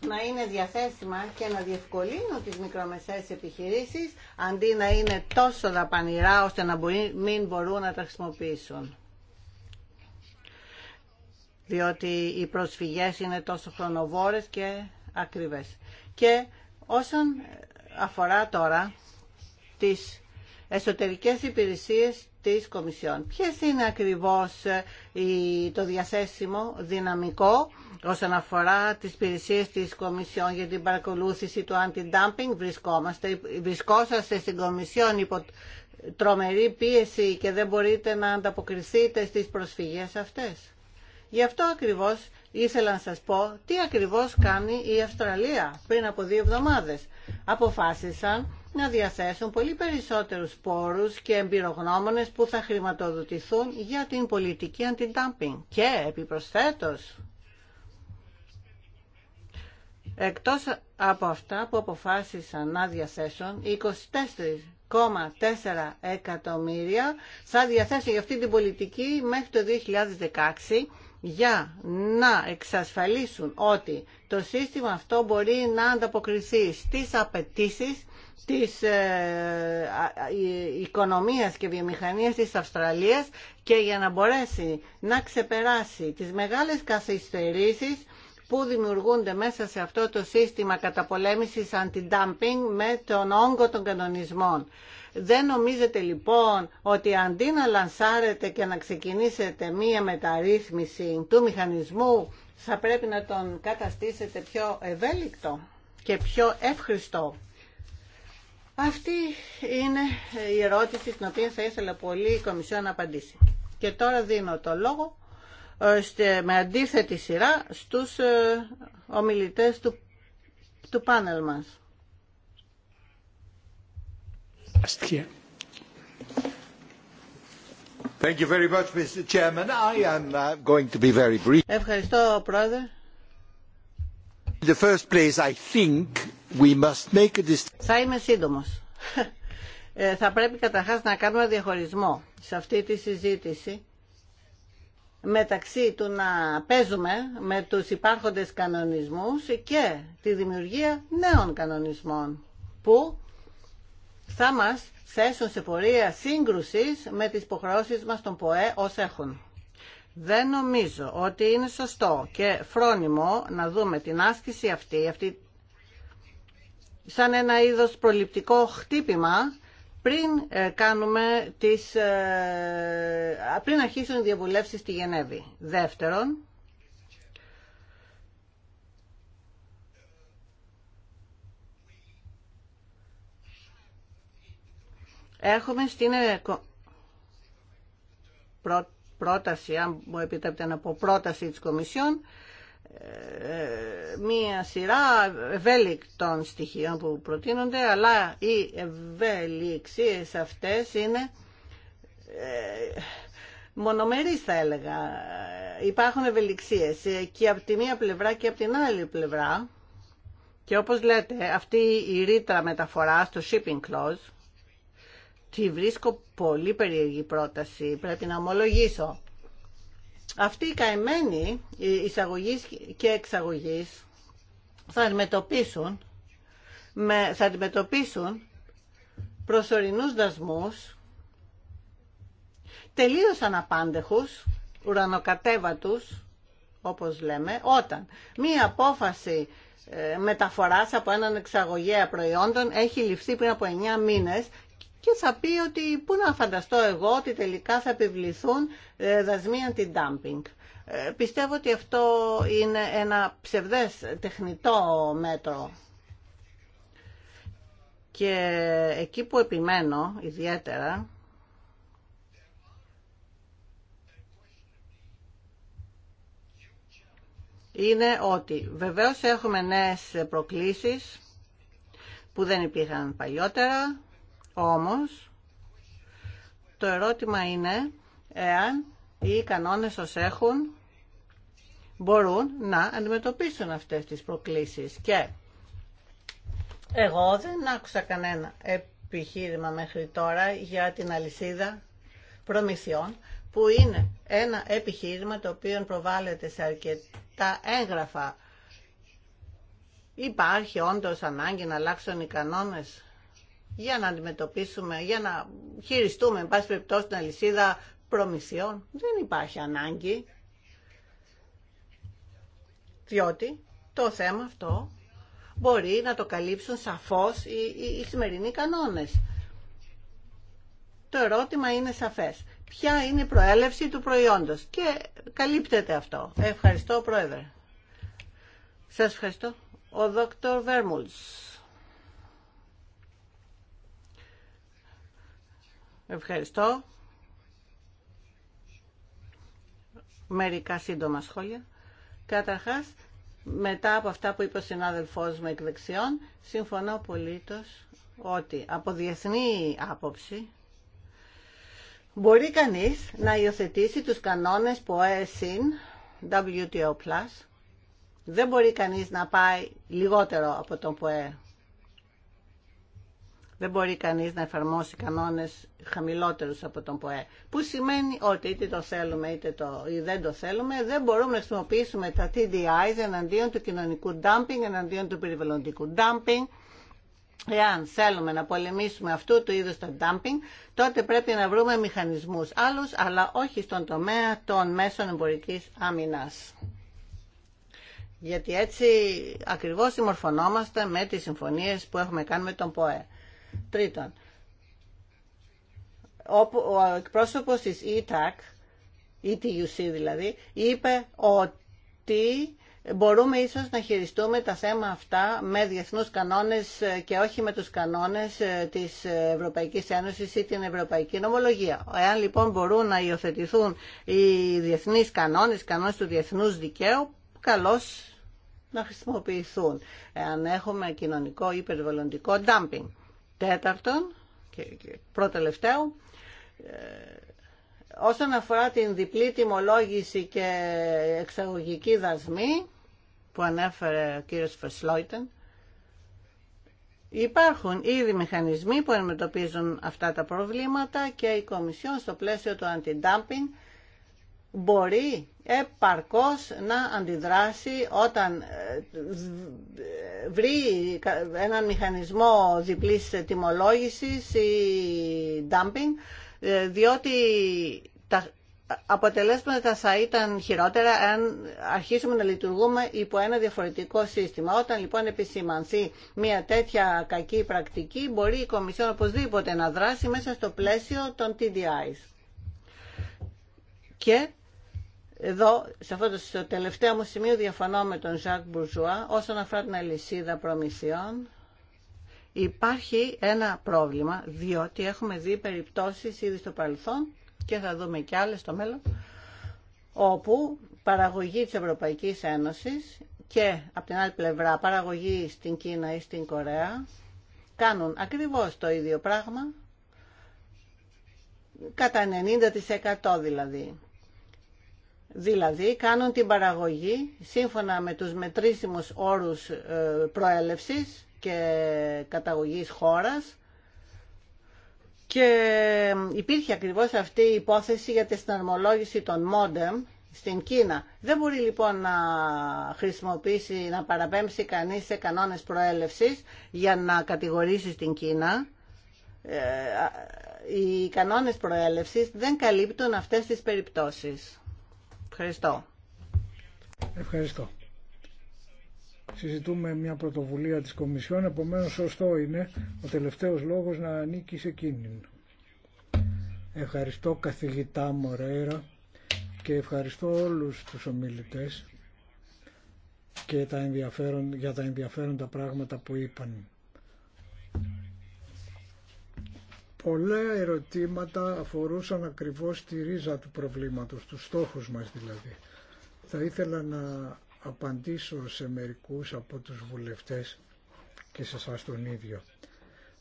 να είναι διαθέσιμα και να διευκολύνουν τις μικρομεσαίες επιχειρήσεις αντί να είναι τόσο δαπανηρά ώστε να μην μπορούν να τα χρησιμοποιήσουν. Διότι οι προσφυγές είναι τόσο χρονοβόρες και ακριβές. Και όσον αφορά τώρα τις εσωτερικές υπηρεσίες της Κομισιόν. Ποιες είναι ακριβώς ε, το διαθέσιμο δυναμικό Όσον αφορά τι υπηρεσίε τη Κομισιόν για την παρακολούθηση του anti-dumping, βρισκόμαστε, βρισκόσαστε στην Κομισιόν υπό τρομερή πίεση και δεν μπορείτε να ανταποκριθείτε στις προσφυγές αυτές. Γι' αυτό ακριβώς ήθελα να σας πω τι ακριβώς κάνει η Αυστραλία πριν από δύο εβδομάδες. Αποφάσισαν να διαθέσουν πολύ περισσότερους πόρους και εμπειρογνώμονες που θα χρηματοδοτηθούν για την πολιτική αντι-dumping. Και επιπροσθέτως Εκτός από αυτά που αποφάσισαν να διαθέσουν, 24,4 εκατομμύρια θα διαθέσουν για αυτή την πολιτική μέχρι το 2016 για να εξασφαλίσουν ότι το σύστημα αυτό μπορεί να ανταποκριθεί στις απαιτήσει της ε, οικονομίας και βιομηχανίας της Αυστραλίας και για να μπορέσει να ξεπεράσει τις μεγάλες καθυστερήσεις που δημιουργούνται μέσα σε αυτό το σύστημα καταπολέμησης αντι-dumping με τον όγκο των κανονισμών. Δεν νομίζετε λοιπόν ότι αντί να λανσάρετε και να ξεκινήσετε μία μεταρρύθμιση του μηχανισμού θα πρέπει να τον καταστήσετε πιο ευέλικτο και πιο εύχριστο. Αυτή είναι η ερώτηση στην οποία θα ήθελα πολύ η Κομισιόν να απαντήσει. Και τώρα δίνω το λόγο με αντίθετη σειρά στους ε, ομιλητές του, του πάνελ μας.
Thank you very much, Mr. Chairman. I am uh, going to be very brief.
Ευχαριστώ, Πρόεδρε. In the first place, I think we must make a Θα είμαι σύντομος. Ε, θα πρέπει καταρχάς να κάνουμε διαχωρισμό σε αυτή τη συζήτηση μεταξύ του να παίζουμε με τους υπάρχοντες κανονισμούς και τη δημιουργία νέων κανονισμών που θα μας θέσουν σε πορεία σύγκρουσης με τις υποχρεώσεις μας των ΠΟΕ ως έχουν. Δεν νομίζω ότι είναι σωστό και φρόνιμο να δούμε την άσκηση αυτή, αυτή σαν ένα είδος προληπτικό χτύπημα πριν, ε, κάνουμε τις, ε, πριν αρχίσουν οι διαβουλεύσεις στη Γενέβη. Δεύτερον, Έχουμε στην ε, πρόταση, αν μου επιτρέπετε να πω πρόταση της Κομισιόν, ε, μία σειρά ευέλικτων στοιχείων που προτείνονται, αλλά οι ευέλιξίες αυτές είναι ε, μονομερείς θα έλεγα. Υπάρχουν ευελιξίες και από τη μία πλευρά και από την άλλη πλευρά. Και όπως λέτε, αυτή η ρήτρα μεταφορά στο shipping clause, τη βρίσκω πολύ περίεργη πρόταση, πρέπει να ομολογήσω. Αυτή η καημένη εισαγωγή και εξαγωγή θα αντιμετωπίσουν, με, θα αντιμετωπίσουν προσωρινούς δασμούς τελείως αναπάντεχους, ουρανοκατέβατους, όπως λέμε, όταν μία απόφαση ε, μεταφοράς από έναν εξαγωγέα προϊόντων έχει ληφθεί πριν από 9 μήνες και θα πει ότι πού να φανταστώ εγώ ότι τελικά θα επιβληθούν ε, δασμοί αντι-dumping. Ε, πιστεύω ότι αυτό είναι ένα ψευδές τεχνητό μέτρο. Και εκεί που επιμένω ιδιαίτερα είναι ότι βεβαίως έχουμε νέες προκλήσεις που δεν υπήρχαν παλιότερα όμως, το ερώτημα είναι εάν οι κανόνες ως έχουν μπορούν να αντιμετωπίσουν αυτές τις προκλήσεις. Και εγώ δεν άκουσα κανένα επιχείρημα μέχρι τώρα για την αλυσίδα προμηθειών που είναι ένα επιχείρημα το οποίο προβάλλεται σε αρκετά έγγραφα. Υπάρχει όντως ανάγκη να αλλάξουν οι κανόνες για να αντιμετωπίσουμε, για να χειριστούμε, εν πάση περιπτώσει, την αλυσίδα προμηθειών. Δεν υπάρχει ανάγκη. Διότι το θέμα αυτό μπορεί να το καλύψουν σαφώς οι, οι, οι σημερινοί κανόνες. Το ερώτημα είναι σαφές. Ποια είναι η προέλευση του προϊόντος και καλύπτεται αυτό. Ευχαριστώ, Πρόεδρε. Σας ευχαριστώ. Ο Δόκτωρ Βέρμουλς. Ευχαριστώ. Μερικά σύντομα σχόλια. Καταρχάς, μετά από αυτά που είπε ο συνάδελφός μου εκ δεξιών, συμφωνώ απολύτως ότι από διεθνή άποψη μπορεί κανείς να υιοθετήσει τους κανόνες που ΕΣΥΝ, WTO+, δεν μπορεί κανείς να πάει λιγότερο από τον ΠΟΕ. Δεν μπορεί κανείς να εφαρμόσει κανόνες χαμηλότερους από τον ΠΟΕ. Που σημαίνει ότι είτε το θέλουμε είτε το, ή δεν το θέλουμε, δεν μπορούμε να χρησιμοποιήσουμε τα TDIs εναντίον του κοινωνικού dumping, εναντίον του περιβαλλοντικού dumping. Εάν θέλουμε να πολεμήσουμε αυτού του είδους το dumping, τότε πρέπει να βρούμε μηχανισμούς άλλους, αλλά όχι στον τομέα των μέσων εμπορικής άμυνας. Γιατί έτσι ακριβώς συμμορφωνόμαστε με τις συμφωνίες που έχουμε κάνει με τον ΠΟΕ. Τρίτον, όπου ο εκπρόσωπος της ETAC, ETUC δηλαδή, είπε ότι μπορούμε ίσως να χειριστούμε τα θέματα αυτά με διεθνούς κανόνες και όχι με τους κανόνες ε, της Ευρωπαϊκής Ένωσης ή την Ευρωπαϊκή Νομολογία. Εάν λοιπόν μπορούν να υιοθετηθούν οι διεθνείς κανόνες, οι κανόνες του διεθνούς δικαίου, καλώς να χρησιμοποιηθούν. Εάν έχουμε κοινωνικό ή dumping. Τέταρτον, και πρώτο τελευταίο, ε, όσον αφορά την διπλή τιμολόγηση και εξαγωγική δασμή που ανέφερε ο κύριος Φεσλόιτεν, Υπάρχουν ήδη μηχανισμοί που αντιμετωπίζουν αυτά τα προβλήματα και η Κομισιόν στο πλαίσιο του αντι-dumping μπορεί επαρκώς να αντιδράσει όταν ε, βρει έναν μηχανισμό διπλής τιμολόγησης ή dumping, ε, διότι τα αποτελέσματα θα ήταν χειρότερα αν αρχίσουμε να λειτουργούμε υπό ένα διαφορετικό σύστημα. Όταν λοιπόν επισημανθεί μια τέτοια κακή πρακτική, μπορεί η Κομισιόν οπωσδήποτε να δράσει μέσα στο πλαίσιο των TDIs. Και εδώ, σε αυτό το τελευταίο μου σημείο, διαφωνώ με τον Ζακ Μπουρζουά όσον αφορά την αλυσίδα προμηθειών. Υπάρχει ένα πρόβλημα, διότι έχουμε δει περιπτώσεις ήδη στο παρελθόν και θα δούμε και άλλες στο μέλλον, όπου παραγωγή της Ευρωπαϊκής Ένωσης και από την άλλη πλευρά παραγωγή στην Κίνα ή στην Κορέα κάνουν ακριβώς το ίδιο πράγμα, κατά 90% δηλαδή Δηλαδή κάνουν την παραγωγή σύμφωνα με τους μετρήσιμους όρους ε, προέλευσης και καταγωγής χώρας και υπήρχε ακριβώς αυτή η υπόθεση για τη συναρμολόγηση των μόντεμ στην Κίνα. Δεν μπορεί λοιπόν να χρησιμοποιήσει, να παραπέμψει κανείς σε κανόνες προέλευσης για να κατηγορήσει την Κίνα. Ε, οι κανόνες προέλευσης δεν καλύπτουν αυτές τις περιπτώσεις. Ευχαριστώ.
Ευχαριστώ. Συζητούμε μια πρωτοβουλία της Κομισιόν, επομένως σωστό είναι ο τελευταίος λόγος να ανήκει σε εκείνη. Ευχαριστώ καθηγητά Μορέρα και ευχαριστώ όλους τους ομιλητές και τα για τα ενδιαφέροντα πράγματα που είπαν. πολλά ερωτήματα αφορούσαν ακριβώς τη ρίζα του προβλήματος, τους στόχους μας δηλαδή. Θα ήθελα να απαντήσω σε μερικούς από τους βουλευτές και σε εσάς τον ίδιο.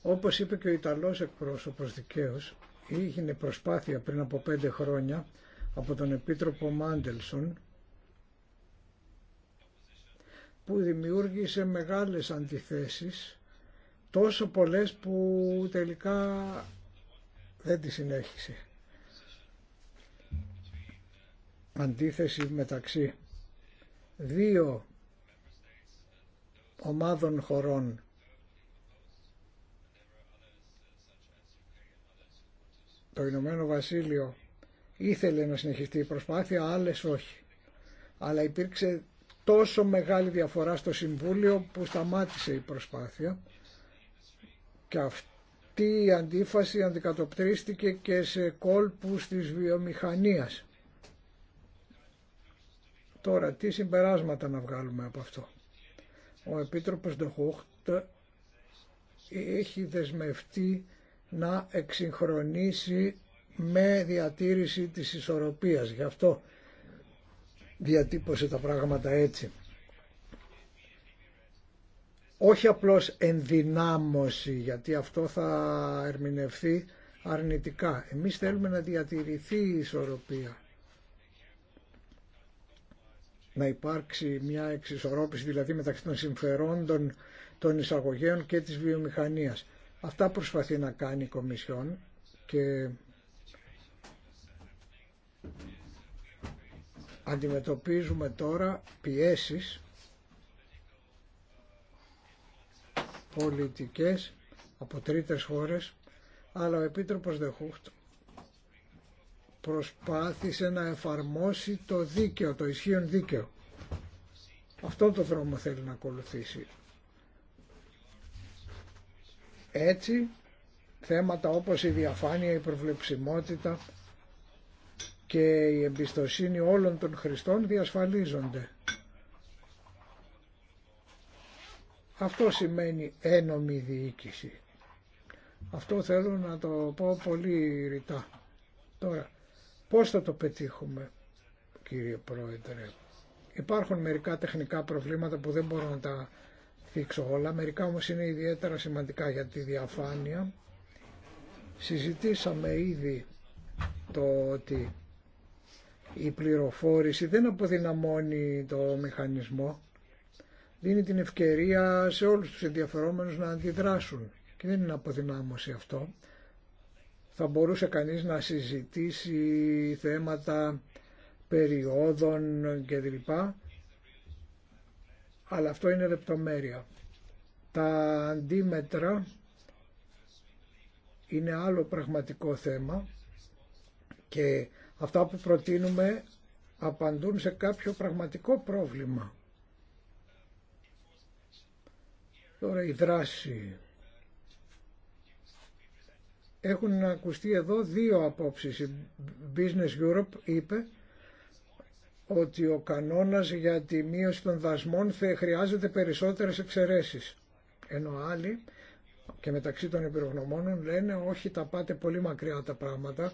Όπως είπε και ο Ιταλός εκπρόσωπος δικαίως, έγινε προσπάθεια πριν από πέντε χρόνια από τον Επίτροπο Μάντελσον που δημιούργησε μεγάλες αντιθέσεις Τόσο πολλές που τελικά δεν τη συνέχισε. Αντίθεση μεταξύ δύο ομάδων χωρών το Ηνωμένο Βασίλειο ήθελε να συνεχιστεί η προσπάθεια, άλλες όχι. Αλλά υπήρξε τόσο μεγάλη διαφορά στο Συμβούλιο που σταμάτησε η προσπάθεια και αυτή η αντίφαση αντικατοπτρίστηκε και σε κόλπους της βιομηχανίας. Τώρα, τι συμπεράσματα να βγάλουμε από αυτό. Ο Επίτροπος Ντοχούχτ έχει δεσμευτεί να εξυγχρονίσει με διατήρηση της ισορροπίας. Γι' αυτό διατύπωσε τα πράγματα έτσι όχι απλώς ενδυνάμωση γιατί αυτό θα ερμηνευθεί αρνητικά. Εμείς θέλουμε να διατηρηθεί η ισορροπία. Να υπάρξει μια εξισορρόπηση δηλαδή μεταξύ των συμφερόντων των εισαγωγέων και της βιομηχανίας. Αυτά προσπαθεί να κάνει η Κομισιόν και αντιμετωπίζουμε τώρα πιέσεις πολιτικές από τρίτες χώρες, αλλά ο Επίτροπος Δεχούχτ προσπάθησε να εφαρμόσει το δίκαιο, το ισχύον δίκαιο. Αυτό το δρόμο θέλει να ακολουθήσει. Έτσι, θέματα όπως η διαφάνεια, η προβλεψιμότητα και η εμπιστοσύνη όλων των χριστών διασφαλίζονται. Αυτό σημαίνει ένομη διοίκηση. Αυτό θέλω να το πω πολύ ρητά. Τώρα, πώς θα το πετύχουμε, κύριε Πρόεδρε. Υπάρχουν μερικά τεχνικά προβλήματα που δεν μπορώ να τα θίξω όλα. Μερικά όμως είναι ιδιαίτερα σημαντικά για τη διαφάνεια. Συζητήσαμε ήδη το ότι η πληροφόρηση δεν αποδυναμώνει το μηχανισμό δίνει την ευκαιρία σε όλους τους ενδιαφερόμενους να αντιδράσουν. Και δεν είναι αποδυνάμωση αυτό. Θα μπορούσε κανείς να συζητήσει θέματα περιόδων και κλπ. Αλλά αυτό είναι λεπτομέρεια. Τα αντίμετρα είναι άλλο πραγματικό θέμα και αυτά που προτείνουμε απαντούν σε κάποιο πραγματικό πρόβλημα. Τώρα η δράση. Έχουν ακουστεί εδώ δύο απόψεις. Η Business Europe είπε ότι ο κανόνας για τη μείωση των δασμών θα χρειάζεται περισσότερες εξαιρέσεις. Ενώ άλλοι και μεταξύ των εμπειρογνωμόνων λένε όχι τα πάτε πολύ μακριά τα πράγματα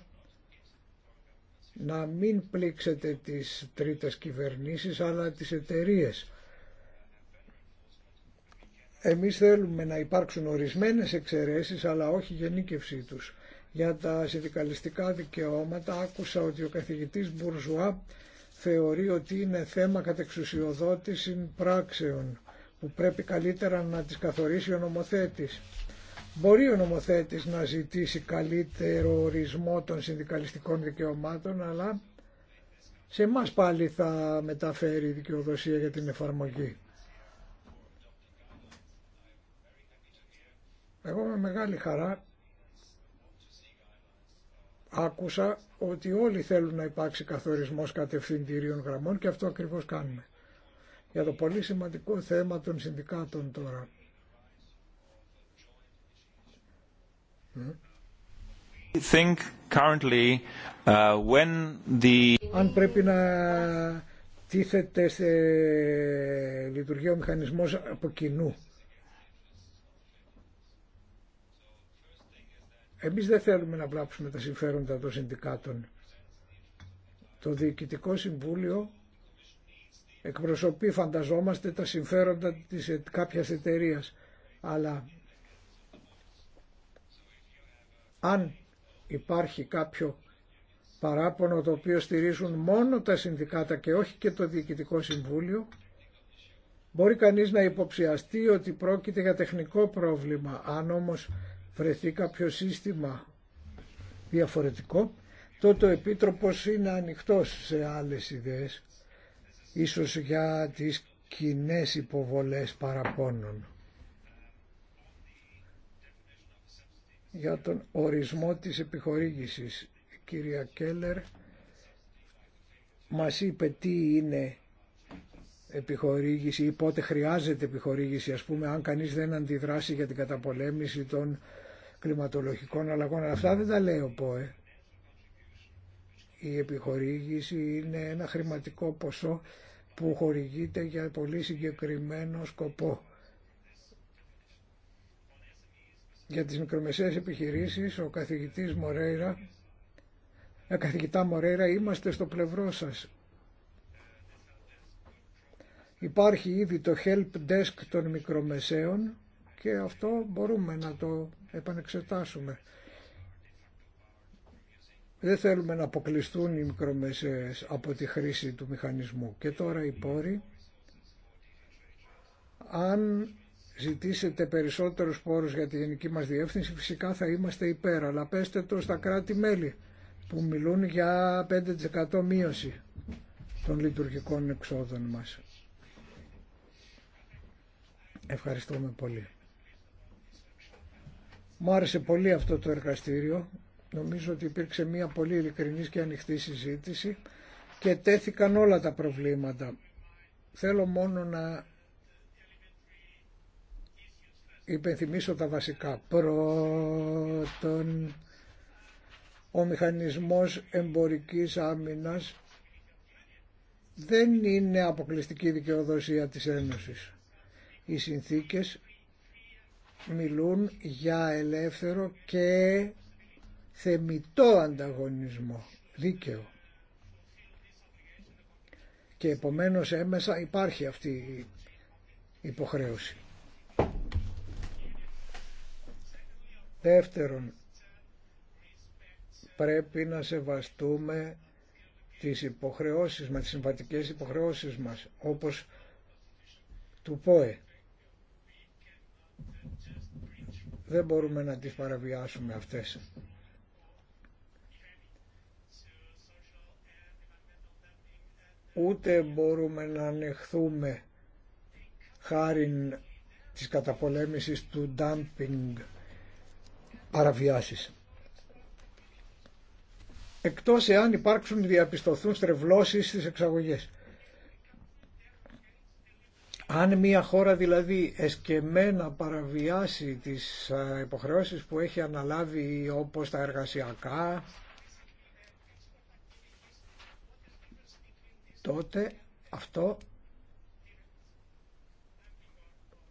να μην πλήξετε τις τρίτες κυβερνήσεις αλλά τις εταιρείες εμείς θέλουμε να υπάρξουν ορισμένες εξαιρέσεις αλλά όχι γενίκευσή τους. Για τα συνδικαλιστικά δικαιώματα άκουσα ότι ο καθηγητής Μπουρζουά θεωρεί ότι είναι θέμα κατεξουσιοδότηση πράξεων που πρέπει καλύτερα να τις καθορίσει ο νομοθέτης. Μπορεί ο νομοθέτης να ζητήσει καλύτερο ορισμό των συνδικαλιστικών δικαιωμάτων, αλλά σε εμά πάλι θα μεταφέρει η δικαιοδοσία για την εφαρμογή. Εγώ με μεγάλη χαρά άκουσα ότι όλοι θέλουν να υπάρξει καθορισμός κατευθυντηρίων γραμμών και αυτό ακριβώς κάνουμε. Για το πολύ σημαντικό θέμα των συνδικάτων τώρα.
Think currently, uh, when the...
Αν πρέπει να τίθεται σε λειτουργία ο μηχανισμός από κοινού Εμείς δεν θέλουμε να βλάψουμε τα συμφέροντα των συνδικάτων. Το Διοικητικό Συμβούλιο εκπροσωπεί, φανταζόμαστε, τα συμφέροντα της ε, κάποιας εταιρείας. Αλλά αν υπάρχει κάποιο παράπονο το οποίο στηρίζουν μόνο τα συνδικάτα και όχι και το Διοικητικό Συμβούλιο, μπορεί κανείς να υποψιαστεί ότι πρόκειται για τεχνικό πρόβλημα. Αν όμως βρεθεί κάποιο σύστημα διαφορετικό, τότε ο Επίτροπος είναι ανοιχτός σε άλλες ιδέες, ίσως για τις κοινέ υποβολές παραπώνων. Για τον ορισμό της επιχορήγησης, η κυρία Κέλλερ μας είπε τι είναι επιχορήγηση ή πότε χρειάζεται επιχορήγηση, ας πούμε, αν κανείς δεν αντιδράσει για την καταπολέμηση των κλιματολογικών αλλαγών. αυτά δεν τα λέει ο ΠΟΕ. Η επιχορήγηση είναι ένα χρηματικό ποσό που χορηγείται για πολύ συγκεκριμένο σκοπό. Για τις μικρομεσαίες επιχειρήσεις ο καθηγητής Μορέιρα, ε, καθηγητά Μορέιρα είμαστε στο πλευρό σας. Υπάρχει ήδη το Help Desk των μικρομεσαίων και αυτό μπορούμε να το επανεξετάσουμε. Δεν θέλουμε να αποκλειστούν οι μικρομεσαίες από τη χρήση του μηχανισμού. Και τώρα οι πόροι, αν ζητήσετε περισσότερους πόρους για τη γενική μας διεύθυνση, φυσικά θα είμαστε υπέρ, αλλά πέστε το στα κράτη-μέλη που μιλούν για 5% μείωση των λειτουργικών εξόδων μας. Ευχαριστούμε πολύ. Μου άρεσε πολύ αυτό το εργαστήριο. Νομίζω ότι υπήρξε μια πολύ ειλικρινή και ανοιχτή συζήτηση και τέθηκαν όλα τα προβλήματα. Θέλω μόνο να υπενθυμίσω τα βασικά. Πρώτον, ο μηχανισμός εμπορικής άμυνας δεν είναι αποκλειστική δικαιοδοσία της Ένωσης. Οι συνθήκες μιλούν για ελεύθερο και θεμητό ανταγωνισμό, δίκαιο. Και επομένως έμεσα υπάρχει αυτή η υποχρέωση. Δεύτερον, πρέπει να σεβαστούμε τις υποχρεώσεις μας, τις συμβατικές υποχρεώσεις μας, όπως του ΠΟΕ. δεν μπορούμε να τις παραβιάσουμε αυτές. Ούτε μπορούμε να ανεχθούμε χάριν της καταπολέμησης του dumping παραβιάσεις. Εκτός εάν υπάρξουν διαπιστωθούν στρεβλώσεις στις εξαγωγές. Αν μια χώρα δηλαδή εσκεμμένα παραβιάσει τις υποχρεώσεις που έχει αναλάβει όπως τα εργασιακά, τότε αυτό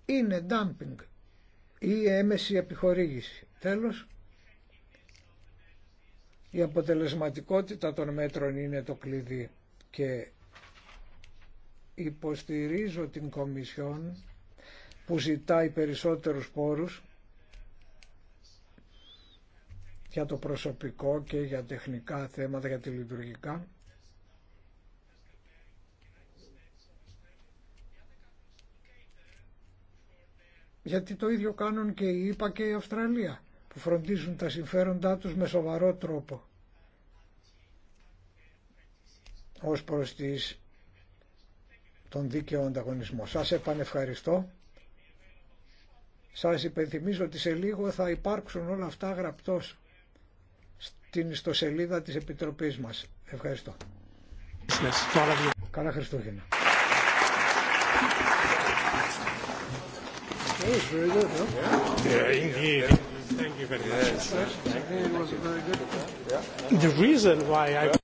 είναι dumping ή έμεση επιχορήγηση. Τέλος, η αποτελεσματικότητα των μέτρων είναι το κλειδί και υποστηρίζω την Κομισιόν που ζητάει περισσότερους πόρους για το προσωπικό και για τεχνικά θέματα, για τη λειτουργικά. Γιατί το ίδιο κάνουν και η ΕΠΑ και η Αυστραλία που φροντίζουν τα συμφέροντά τους με σοβαρό τρόπο ως προς τις τον δίκαιο ανταγωνισμό. Σας επανευχαριστώ. Σας υπενθυμίζω ότι σε λίγο θα υπάρξουν όλα αυτά γραπτός στην ιστοσελίδα της Επιτροπής μας. Ευχαριστώ.
Καλά Χριστούγεννα. The reason why I